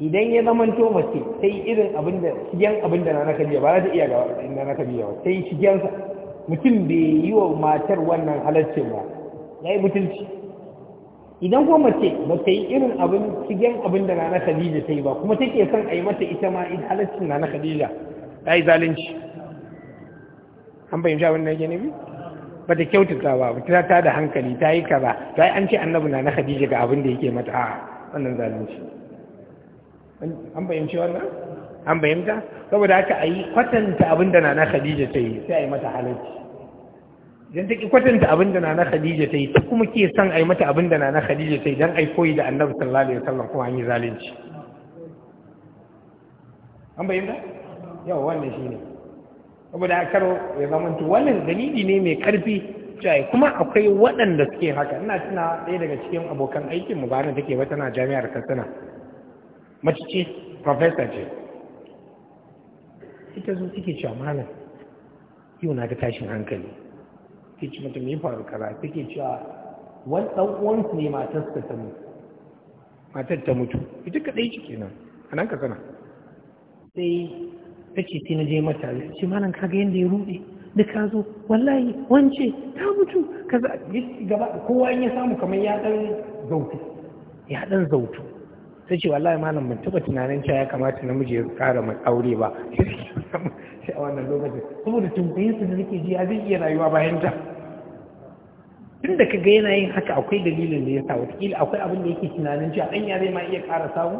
idan ya zamanto mace sai irin abin da shigen abin da na Khadija ba za ta iya ga na Khadija ba sai shigensa mutum bai yi wa matar wannan halarci ba ya yi mutunci idan kuma mace ba ta yi irin abin shigen abin da na Khadija ta yi ba kuma take son a yi mata ita ma in halarci na Khadija ta yi zalunci an fahimci abin da nake nufi ba ta kyautata ba ba ta da hankali ta yi kaza to yi an ce annabi na na khadija ga abin da yake mata a wannan zalunci an fahimci wannan an fahimta saboda haka a yi kwatanta abin da na na khadija ta yi sai a yi mata halarci idan ta ki kwatanta abin da na na khadija ta yi ta kuma ke son a yi mata abin da na na khadija ta yi don a yi koyi da annabi sallallahu alaihi wasallam kuma an yi zalunci an fahimta yau wannan shine saboda a karo ya zamanta wannan dalili ne mai karfi jai kuma akwai waɗanda suke haka ina tuna ɗaya daga cikin abokan aikin mu ba na take ba tana jami'ar katsina mace ce professor ce ita zo suke cewa malam yau na ga tashin hankali ke ci mata mai faru kaza suke cewa wani ɗan uwansu ne matarsa ta mutu matar ta mutu ita kaɗai ciki nan a nan katsina sai ta ce sai na je mata ya ce malam kaga yadda ya rude da ka zo wallahi wance ta mutu a gaba kowa in ya samu kamar ya dan zautu ya dan zautu ta ce wallahi malam ban taba tunanin cewa ya kamata namiji ya kara mai aure ba shi a wannan lokacin saboda tunkuyin su da nake ji a zai iya rayuwa bayan ta tun da kaga yana yin haka akwai dalilin da ya sa wataƙila akwai abin da yake tunanin cewa ɗan ya zai ma iya ƙara samu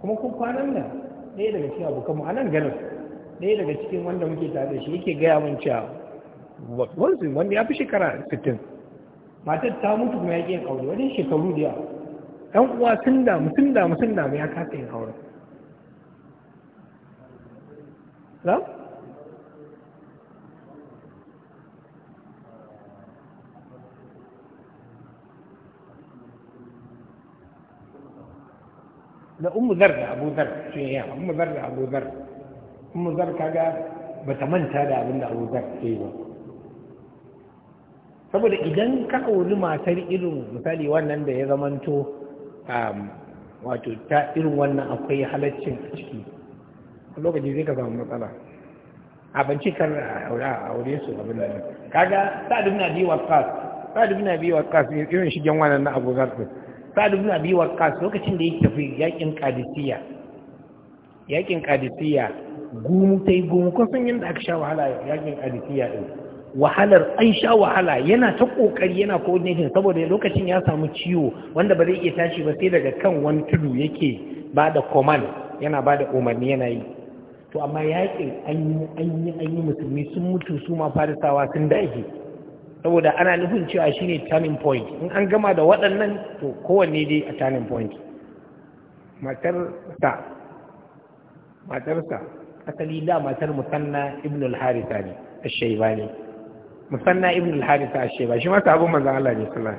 kuma ko kwanan nan ɗaya daga cikin mu a nan ganin ɗaya daga cikin wanda muke tare shi yake gaya mun cewa wanzu wanda ya fi shekara 60 matar ta mutu kuma ya ƙi yin aure wajen shekaru da yawa ɗan uwa sun damu sun damu sun damu ya kasa yin aure da umu zar da abu zar sun yi umu zar da abu zar umu zar kaga ba ta manta da abin da abu zar ke ba saboda idan ka auri matar irin misali wannan da ya zamanto um, wato ta irin wannan akwai halaccin a ciki lokaci zai ka samu matsala a banci kar a aure su abin da kaga sa'ad ibn abi waqqas sa'ad ibn abi waqqas ne irin shigen wannan na abu zar din sa'ad ibn abi waqqas lokacin da yake tafi yakin qadisiyya yakin qadisiyya gumu tai gumu ko san yanda aka sha wahala yakin qadisiyya din wahalar an sha wahala yana ta kokari yana coordinating saboda lokacin ya samu ciwo wanda ba zai iya tashi ba sai daga kan wani tudu yake ba da command yana ba da umarni yana yi to amma yakin an yi an yi musulmi sun mutu su ma farisawa sun dage saboda ana nufin cewa shine turning point in an gama da waɗannan to kowanne dai a turning point matarsa matarsa asali da matar musanna ibn al-harisa ne a shaiba ne musanna ibn al-harisa a shaiba shi masu sabon manzon Allah ne suna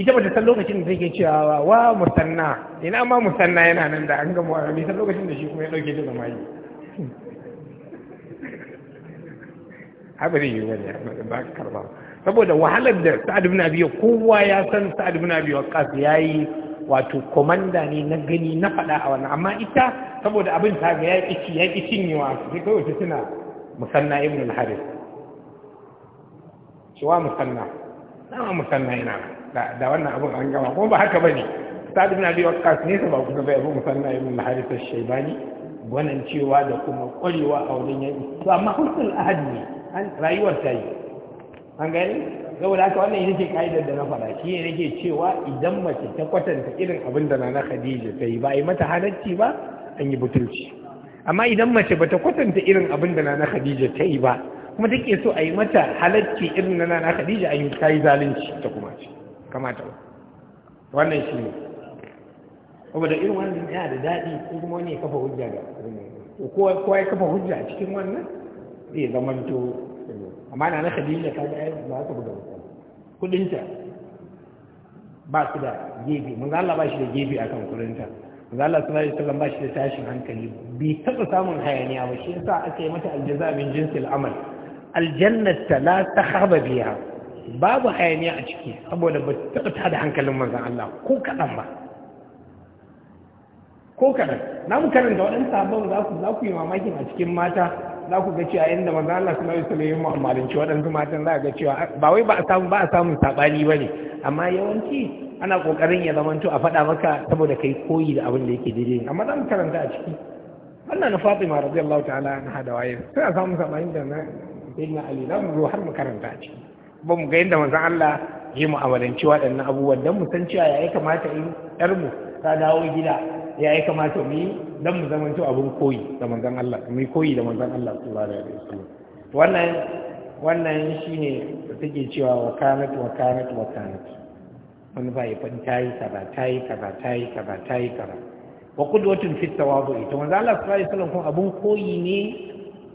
ita bata san lokacin da take cewa wa musanna ina ma musanna yana nan da an gama wa san lokacin da shi kuma ya dauke da zama yi abin yi wani ba karba saboda wahalar da sa'ad ibn abi kowa ya san sa'ad ibn abi waqqas yayi wato komanda ne na gani na fada a wannan amma ita saboda abin ta ga ya kici ya kicin yawa sai kawai ta tuna musanna ibn al-harith cewa musanna dama musanna yana da da wannan abin an gama kuma ba haka bane sa'ad ibn abi waqqas ne ba ku ga bai musanna ibn al-harith ash-shaybani gwanin cewa da kuma kwarewa a wurin yayi amma husnul ahad ne an rayuwar ta yi an gani saboda haka wannan ita ce ka'idar da na faɗa shi ne nake cewa idan mace ta kwatanta irin abin da na Khadija ta yi ba a yi mata halacci ba an yi butulci amma idan mace ba ta kwatanta irin abin da na Khadija ta yi ba kuma take so a yi mata halacci irin na na Khadija an yi ta yi zalunci ta kuma ce kamata ba wannan shi ne saboda irin wannan yana da daɗi ko kuma wani ya kafa hujja ga kowa ya kafa hujja a cikin wannan zai zamanto amma na na khadija ka ga ba ka buga misali kudinta ba su da gefe manzo Allah ba shi da gefe akan kudinta manzo Allah sallallahu alaihi wasallam ba shi da tashin hankali bi taba samun hayaniya ba shi yasa aka yi mata aljaza min jinsil amal aljannata la takhaba biha babu hayaniya a ciki saboda ba taba ta da hankalin manzo Allah ko kadan ba ko kadan na mu karanta waɗansu sabon za ku za ku yi mamakin a cikin mata za ku ga cewa inda manzo Allah sallallahu alaihi wasallam ya mu'amalanci waɗansu matan za ga cewa ba wai ba a samu ba a samu sabani bane amma yawanci ana kokarin ya zamanto a faɗa maka saboda kai koyi da abin da yake daidai amma za mu karanta a ciki wannan na Fatima radiyallahu ta'ala na hada waye sai a samu sabani da na Sayyidina Ali za mu zo har mu karanta a ciki ba mu ga inda manzo Allah ya mu'amalanci waɗannan abubuwan dan mu san cewa ya kamata in ƴar mu ta dawo gida ya yi kamata mu yi don mu to abin koyi da manzan Allah mu yi koyi da manzan Allah sallallahu alaihi su wannan wannan ne da take cewa wa kanat wa kanat wa kanat wani ba ya fadi yi kaza yi kaza yi kaza yi kaza wa qudwatun fi tawadu ita manzan Allah su sallallahu alaihi wasallam kun abin koyi ne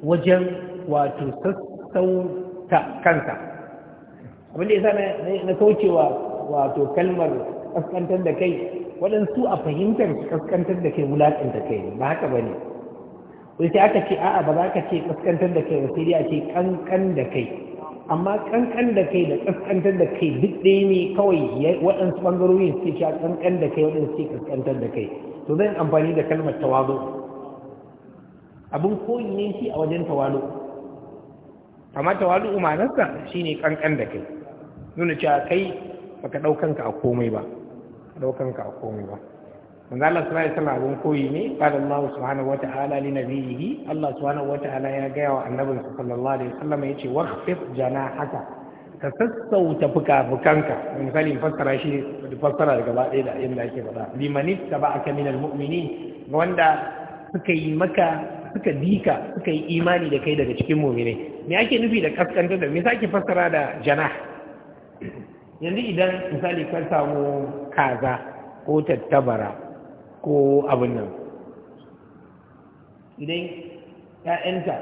wajen wato sassauta kansa abin da sa na kaucewa wato kalmar kaskantar da kai waɗansu a fahimtar su kaskantar da ke wulaƙanta kai ba haka ba ne wai sai aka ce a'a ba za ka ce kaskantar da kai ba sai a ce kankan da kai amma kankan da kai da kaskantar da kai duk ɗaya ne kawai waɗansu ɓangarorin su cewa kankan da kai waɗansu ke kaskantar da kai to zan amfani da kalmar tawazo abin koyi ne shi a wajen tawazo amma tawazo umarnarsa shine kankan da kai nuna cewa kai baka ɗaukanka a komai ba daukan ka komai ba manzo Allah subhanahu wataala abun koyi ne qala Allah subhanahu wataala li nabiyhi Allah subhanahu wataala ya gaya wa annabin sallallahu alaihi wasallam yace waqfif janahaka ka sassauta fukafukanka Misali, in fassara shi fassara gaba ɗaya da yadda ake faɗa limanis ka ba aka wanda suka yi maka suka suka yi imani da kai daga cikin muminai me ake nufi da kaskantar da me sake fassara da jana yanzu idan misali ka samu kaza ko tattabara ko abin nan idan ‘ya'yanta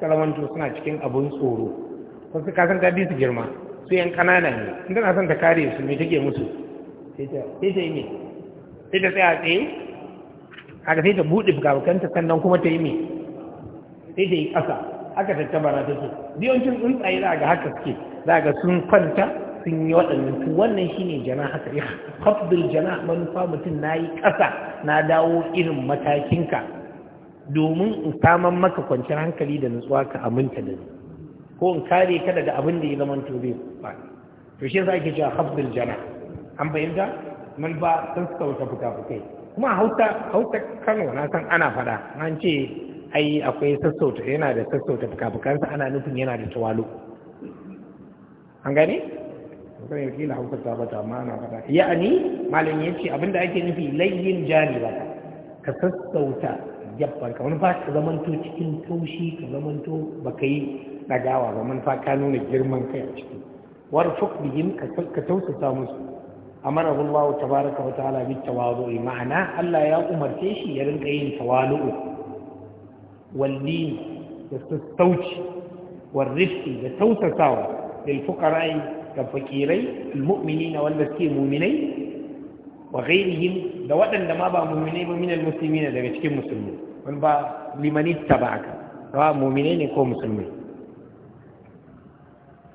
karamanto suna cikin abin tsoro wasu kasan ta bi su girma su yan kanana ne inda tana son ta kare su me take musu sai ta yi ne sai ta tsaya tsaye haka sai ta buɗe fukafukanta sannan kuma ta yi ne sai ta yi ƙasa haka tattabara ta take biyancin tsuntsaye za ga haka suke za ga sun kwanta sun yi waɗannan to wannan shi jana haka ya khafdul jana manufa mutum na yi ƙasa na dawo irin matakinka domin in saman maka kwanciyar hankali da nutsuwa ka aminta da ni ko in kare ka daga abin da ya zama to zai ba to shi yasa ake cewa khafdul jana an bayyana manufa sun sauta fita fukai kuma hausa hausa Kano na san ana fada an ce ai akwai sassauta yana da sassauta fuka-fukansa ana nufin yana da tawalo. an gane sani kila hausa ta bata amma ana malam ya ce abinda ake nufi layyin jari ba ka sassauta gabban ka wani fa ka cikin taushi ka zamanto baka yi dagawa ba man fa ka nuna girman kai a ciki warfuk bihim ka tausasa musu amara Allah tabaraka wa ta'ala bi tawadu'i ma'ana Allah ya umarce shi ya rinka yin tawalu'u wallin da sassauci warrifki da tausasawa lil fuqara'i ga fakirai almu'minina wanda suke mu'minai wa ghairihim da waɗanda ma ba mu'minai ba minal muslimina daga cikin musulmi wani ba limani tabaka ba mu'minai ne ko musulmi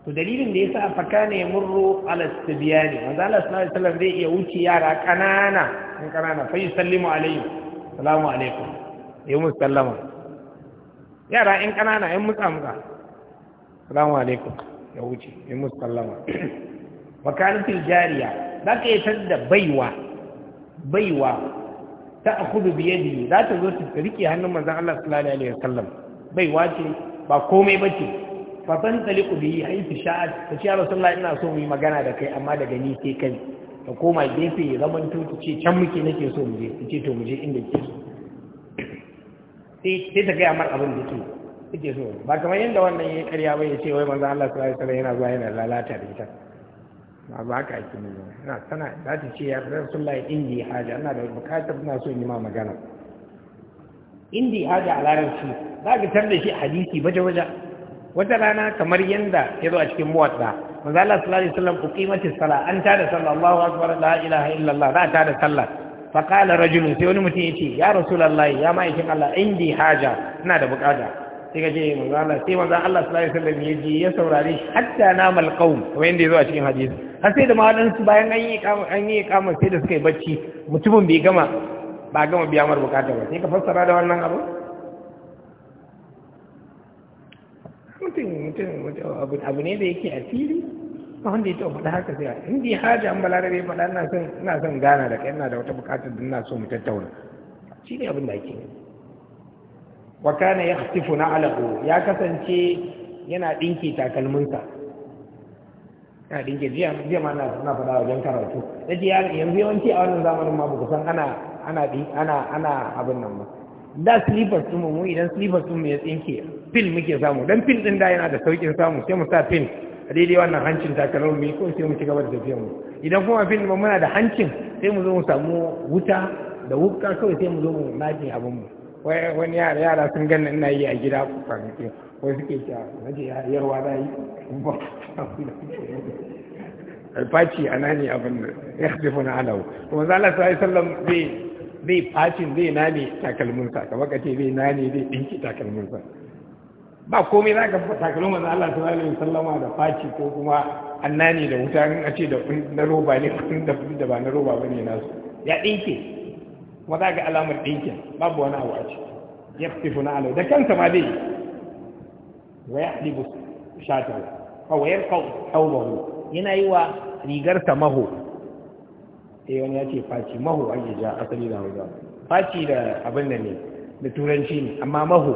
to dalilin da yasa fakana yamurru ala istibyan manzo Allah sallallahu alaihi wasallam zai iya wuce yara kanana kan kanana fa yusallimu alaihi salamu alaikum yawmus sallama yara in kanana in mutsa mutsa salamu alaikum ya wuce ya musallama wakalatul jariya za ka yi da baiwa baiwa ta akudu biyadi za ta zo ta rike hannun manzan Allah sallallahu alaihi wasallam baiwa ce ba komai ba ce fatan taliku yi haifi sha'ad ta ce rasulullah ina so mu yi magana da kai amma daga ni sai kai ta koma gefe ya zama to ta ce can muke nake so mu je ta ce to mu je inda ke su, sai ta gaya mar abin da ke suke so ba kamar yadda wannan ya karya ba ya ce wai manzo Allah sallallahu alaihi wasallam yana zuwa yana lalata da ita ba ba ka aiki ne ina sana za ta ce ya rasulullahi indi haja ina da bukatar ina so in yi ma magana indi haja a larabci za ka tar da shi hadisi baje baje wata rana kamar yadda ya zo a cikin muwadda manzo Allah sallallahu alaihi wasallam kimanta sallah an tada sallallahu akbar la ilaha illallah za ta da sallah fa qala rajulun sai wani mutum ya ce. ya rasulullahi ya ma'aikin Allah indi haja ina da bukata sai ka ce yi Allah sai maza Allah sallallahu alaihi wasallam ya ya saurare shi hatta namal qaum kamar yadda zo a cikin hadisi har sai da malan su bayan an yi kama an yi kama sai da suka yi bacci mutumin bai gama ba gama biya mar bukata ba sai ka fassara da wannan abu mutum mutum abu ne da yake a ba wanda ya taɓa faɗa haka sai in dai haja an bala faɗa ina son ina son gana da kai ina da wata bukatar da ina so mu tattauna shi ne abin da ake yi wa kana na na'lahu ya kasance yana dinki takalminsa yana dinki jiya jiya ma na faɗa wajen karatu yace yanzu yawanci a wannan zamanin ma buku san ana ana ana ana abin nan ba da slippers din mu idan slippers din mu ya tsinke pin muke samu dan pin din da yana da saukin samu sai mu sa pin a daidai wannan hancin takarar mu ko sai mu ci gaba da tafiyar mu idan kuma pin mu muna da hancin sai mu zo mu samu wuta da wuka kawai sai mu zo mu naje abin mu wani yara yara sun ganna ina yi a gida kwanaki wai suke cewa waje yarwa za yi faci a nani abin da ya zafi na alawo kuma zala sa sallam zai zai facin zai nane takalminsa ka baka ce zai nane zai ɗinki sa ba komai za ka takalmin manzo Allah sallallahu alaihi sallama da faci ko kuma an nane da wuta in a ce da na roba ne da da ba na roba bane nasu ya ɗinke kuma za ga alamar ɗinkin babu wani abu a ciki ya fi na alau da kansa ma zai wa ya ɗibu shatar ya kawo yana yi wa rigarsa maho eh wani ya ce faci maho ake ja asali da hausa faci da abin da ne da turanci ne amma maho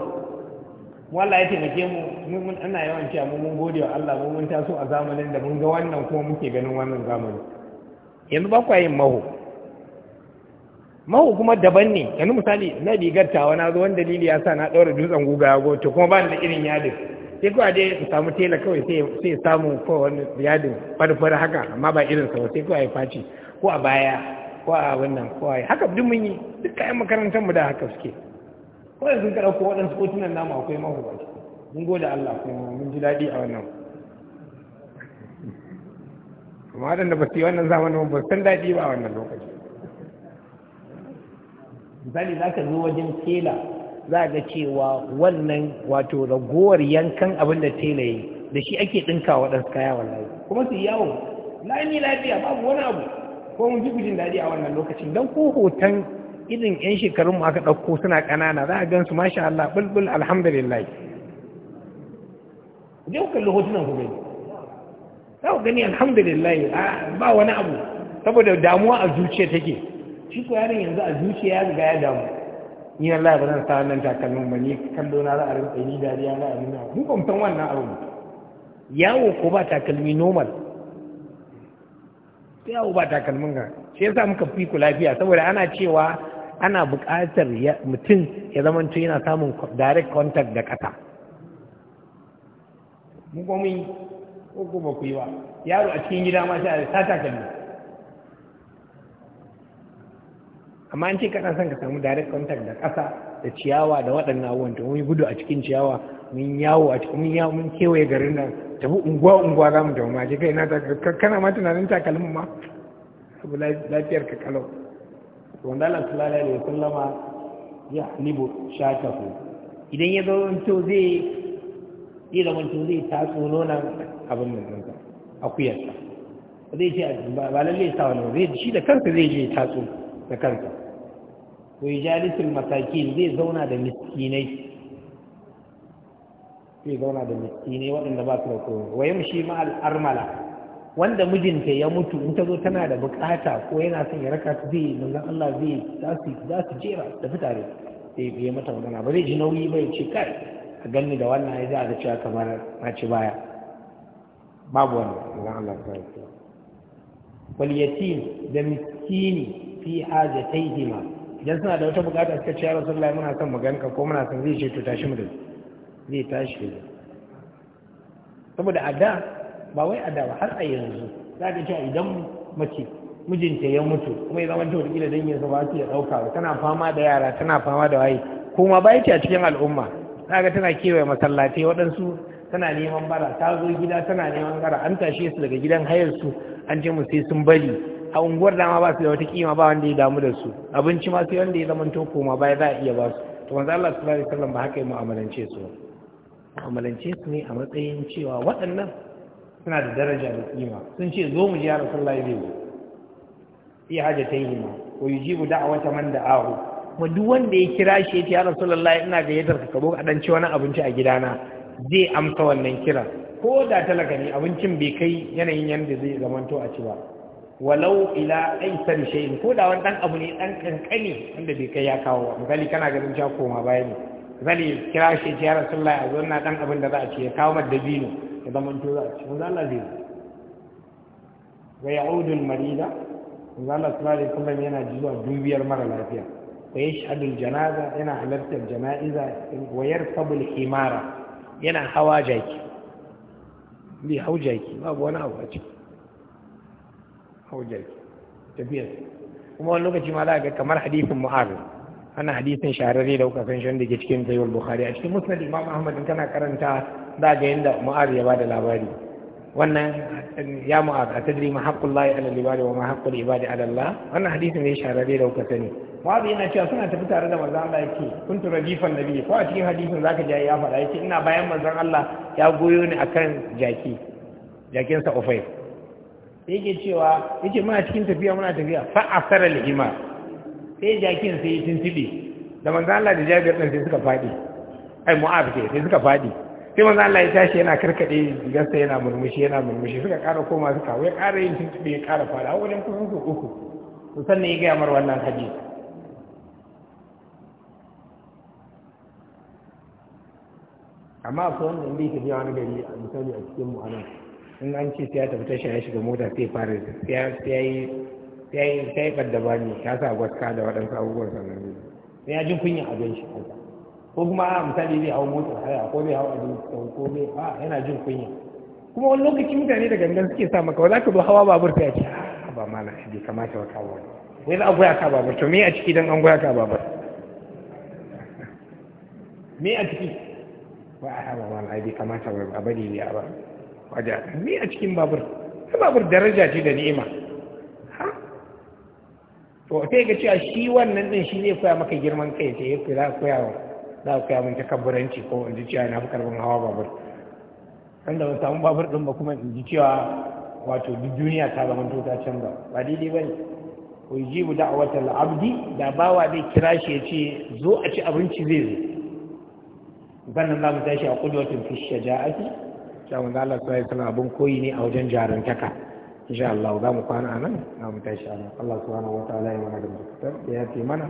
wala ya taimake mu mun ana yawan cewa mu mun gode wa Allah mun mun taso a zamanin da mun ga wannan kuma muke ganin wannan zamani yanzu ba kwa yin maho mahu kuma daban ne yanzu misali na rigar tawa na zo wani dalili ya sa na ɗaura dutsen guga ya goto kuma ba ni da irin yadin sai a dai su samu tela kawai sai samu ko wani yadin farfara haka amma ba irin sa sai yi faci ko a baya ko a wannan ko a haka duk mun yi duk kayan makarantar mu da haka suke ko yanzu ka ɗauko waɗansu kotunan namu akwai mahu ba mun gode Allah kuma mun ji daɗi a wannan kuma waɗanda ba su yi wannan zamanin ba san daɗi ba a wannan lokaci misali za ka zo wajen tela za ga cewa wannan wato ragowar yankan abin da tela yi da shi ake ɗinka waɗansu kaya wallahi kuma su yawo lami lafiya babu wani abu ko mun ji gujin daɗi a wannan lokacin don ko hoton irin 'yan shekarun mu aka ɗauko suna ƙanana za a gan su masha Allah bulbul alhamdulillah je ku kalli hotunan ku gani za ku gani alhamdulillah ba wani abu saboda damuwa a zuciya take shi ko yaron yanzu a zuciya ya riga ya damu ni Allah ba zan sa wannan takalmin ba ni kallo na za a rinka ni dariya na abin da mun kwamtan wannan abu yawo ko ba takalmi normal yawo ba takalmin ga shi yasa muka fi ku lafiya saboda ana cewa ana buƙatar mutum ya zamanto yana samun direct contact da ƙasa mu kuma mun ko ba ku yi ba yaro a cikin gida ma sai a sa takalmi amma an ce kaɗan son ka samu direct contact da ƙasa da ciyawa da waɗannan abubuwan to mun gudu a cikin ciyawa mun yawo a cikin mun yawo mun kewaye garin nan tafi unguwa unguwa za mu tafi ma je kai na kana ma tunanin takalmin ma abu lafiyar ka kalau wanda Allah sallallahu alaihi wasallama ya sha shatahu idan ya to zai zai to zai tatso nonon abin da akuyar akuyarsa zai ce ba lalle sa wani zai shi da kansa zai je tatso da kansa wa yajalisul masakin zai zauna da miskinai zai zauna da miskinai waɗanda ba su da kowa wa yamshi al armala wanda mijinta ya mutu in ta zo tana da bukata ko yana son ya raka ta zai manzo Allah zai za su jera da fitare sai ya mata magana ba zai ji nauyi ba ya ce kai a ganni da wannan ai za a cewa kamar na ci baya babu wani manzon Allah ta yi wal yatim da miskini fi hajatayhima idan suna da wata bukata suka ce ya sallah muna son maganka ko muna son zai ce to tashi mu da zai tashi da saboda a ba wai a ba har a yanzu za ka ce idan mace mijinta ya mutu kuma ya zama ta wata sa ba su ya ɗauka ba tana fama da yara tana fama da waye kuma ba yake a cikin al'umma za ka tana kewaye masallatai waɗansu tana neman bara ta zo gida tana neman bara an tashe su daga gidan su an ce mu sai sun bari a unguwar dama ba su da wata kima ba wanda ya damu da su abinci ma sai wanda ya zama to koma baya za a iya ba su to wanzu Allah sallallahu alaihi wasallam ba haka ya mu'amalance su mu'amalance su ne a matsayin cewa waɗannan suna da daraja da kima sun ce zo mu rasulullah ya rasulullahi zai fi hajataihima wa a wata man da'ahu kuma duk wanda ya kira shi ya ce ya rasulullah ina gayyatar ka kabo a dan ci wani abinci a gidana zai amsa wannan kira ko da talaka ne abincin bai kai yanayin yadda zai zamanto a ci ba walau ila aisar shayin ko da wani dan abu ne dan kankani wanda bai kai ya kawo misali kana ganin ja koma baya ne misali kira shi ya rasulullahi a zuwa dan abin da za a ce ya kawo mata dabino ya zama to za a ce manzo Allah zai wa ya'udu al-marida manzo Allah sallallahu alaihi wasallam yana zuwa dubiyar mara lafiya wa yashhadu al-janaza yana halartar jana'iza wa yarkabu al-himara yana hawa jaki bi hau jaki babu wani abu a ciki hujjar tafiyar kuma wani lokaci ma za ga kamar hadisin mu'az ana hadisin shahararre da kuka san shi wanda ke cikin sayyid bukhari a cikin musnad imam ahmad in kana karanta za ga yanda mu'az ya bada labari wannan ya mu'az a tadri ma haqqullahi ala al-ibadi wa ma haqqul ibadi ala Allah wannan hadisin ne shahararre da kuka sani mu'az yana cewa suna tafi tare da manzon Allah yake kuntu rajifan nabi ko a cikin hadisin zaka ji ya faɗa yake ina bayan manzon Allah ya goyo ni akan jaki jakinsa Ufayr sai yake cewa yake muna cikin tafiya muna tafiya fa asara lihima sai jakin sai tibi da manzan Allah da jabir din sai suka faɗi ai mu'ab ke sai suka faɗi sai manzan Allah ya tashi yana karkade gasta yana murmushi yana murmushi suka ƙara koma suka wai ƙara yin tintibe ya ƙara faɗi a wajen kusan su uku to sannan ya gaya mar wannan hadisi amma akwai wanda in bai tafiya wani gari a misali a cikin mu'amala. in an ce sai ya tafi tasha ya shiga mota sai fara sai ya yi sai ɓadda ba ne ya sa gwaska da waɗansu abubuwan sanarwa sai ya jin kunya abin shi ko kuma a misali zai hau mota haya ko zai hau abin ko zai a yana jin kunya kuma wani lokaci mutane da gangan suke sa maka za ka zo hawa babur ta ce ba mana bai kamata wa kawo wai za a goya ka babur to me a ciki don an goya ka babur me a ciki ba a hawa mana bai kamata a bari ya ba wajen ni a cikin babur babur daraja ce da ni'ima to sai ga cewa shi wannan din shi zai koya maka girman kai sai ya koya koya wa za ka koya min takabburanci ko in ji cewa na fi karfin hawa babur wanda ban samu babur din ba kuma in ji cewa wato duk duniya ta zama to ta canza ba daidai ba ne ko da a al-abdi da bawa zai kira shi ya ce zo a ci abinci zai zo sannan za mu tashi a kudwatin fi shaja'ati cewa manzo Allah sallallahu alaihi wasallam abun koyi ne a wajen jarantaka insha Allah za mu kwana nan za mu tashi a nan Allah subhanahu wataala ya mana da mutuntar da ya ce mana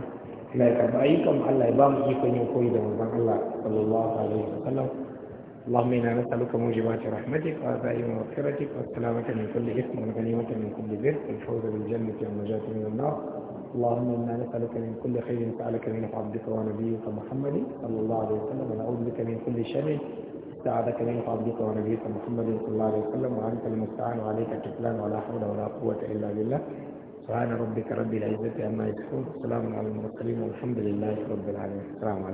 Allah ya karɓi ayyukan Allah ya ba mu ikon yin koyi da manzon Allah sallallahu alaihi wasallam اللهم انا نسالك موجبات رحمتك وعزائم مغفرتك والسلامة من كل اثم والغنيمة من كل بر والفوز بالجنة والنجاة من النار اللهم انا نسالك من كل خير سالك منه عبدك ونبيك محمد صلى الله عليه وسلم ونعوذ بك من كل شر سعادك من عبدك ونبيك محمد صلى الله عليه وسلم وأنت المستعان وعليك التكلان ولا حول ولا قوة إلا بالله سبحان ربك رب العزة عما يصفون وسلام على المرسلين والحمد لله رب العالمين السلام عليكم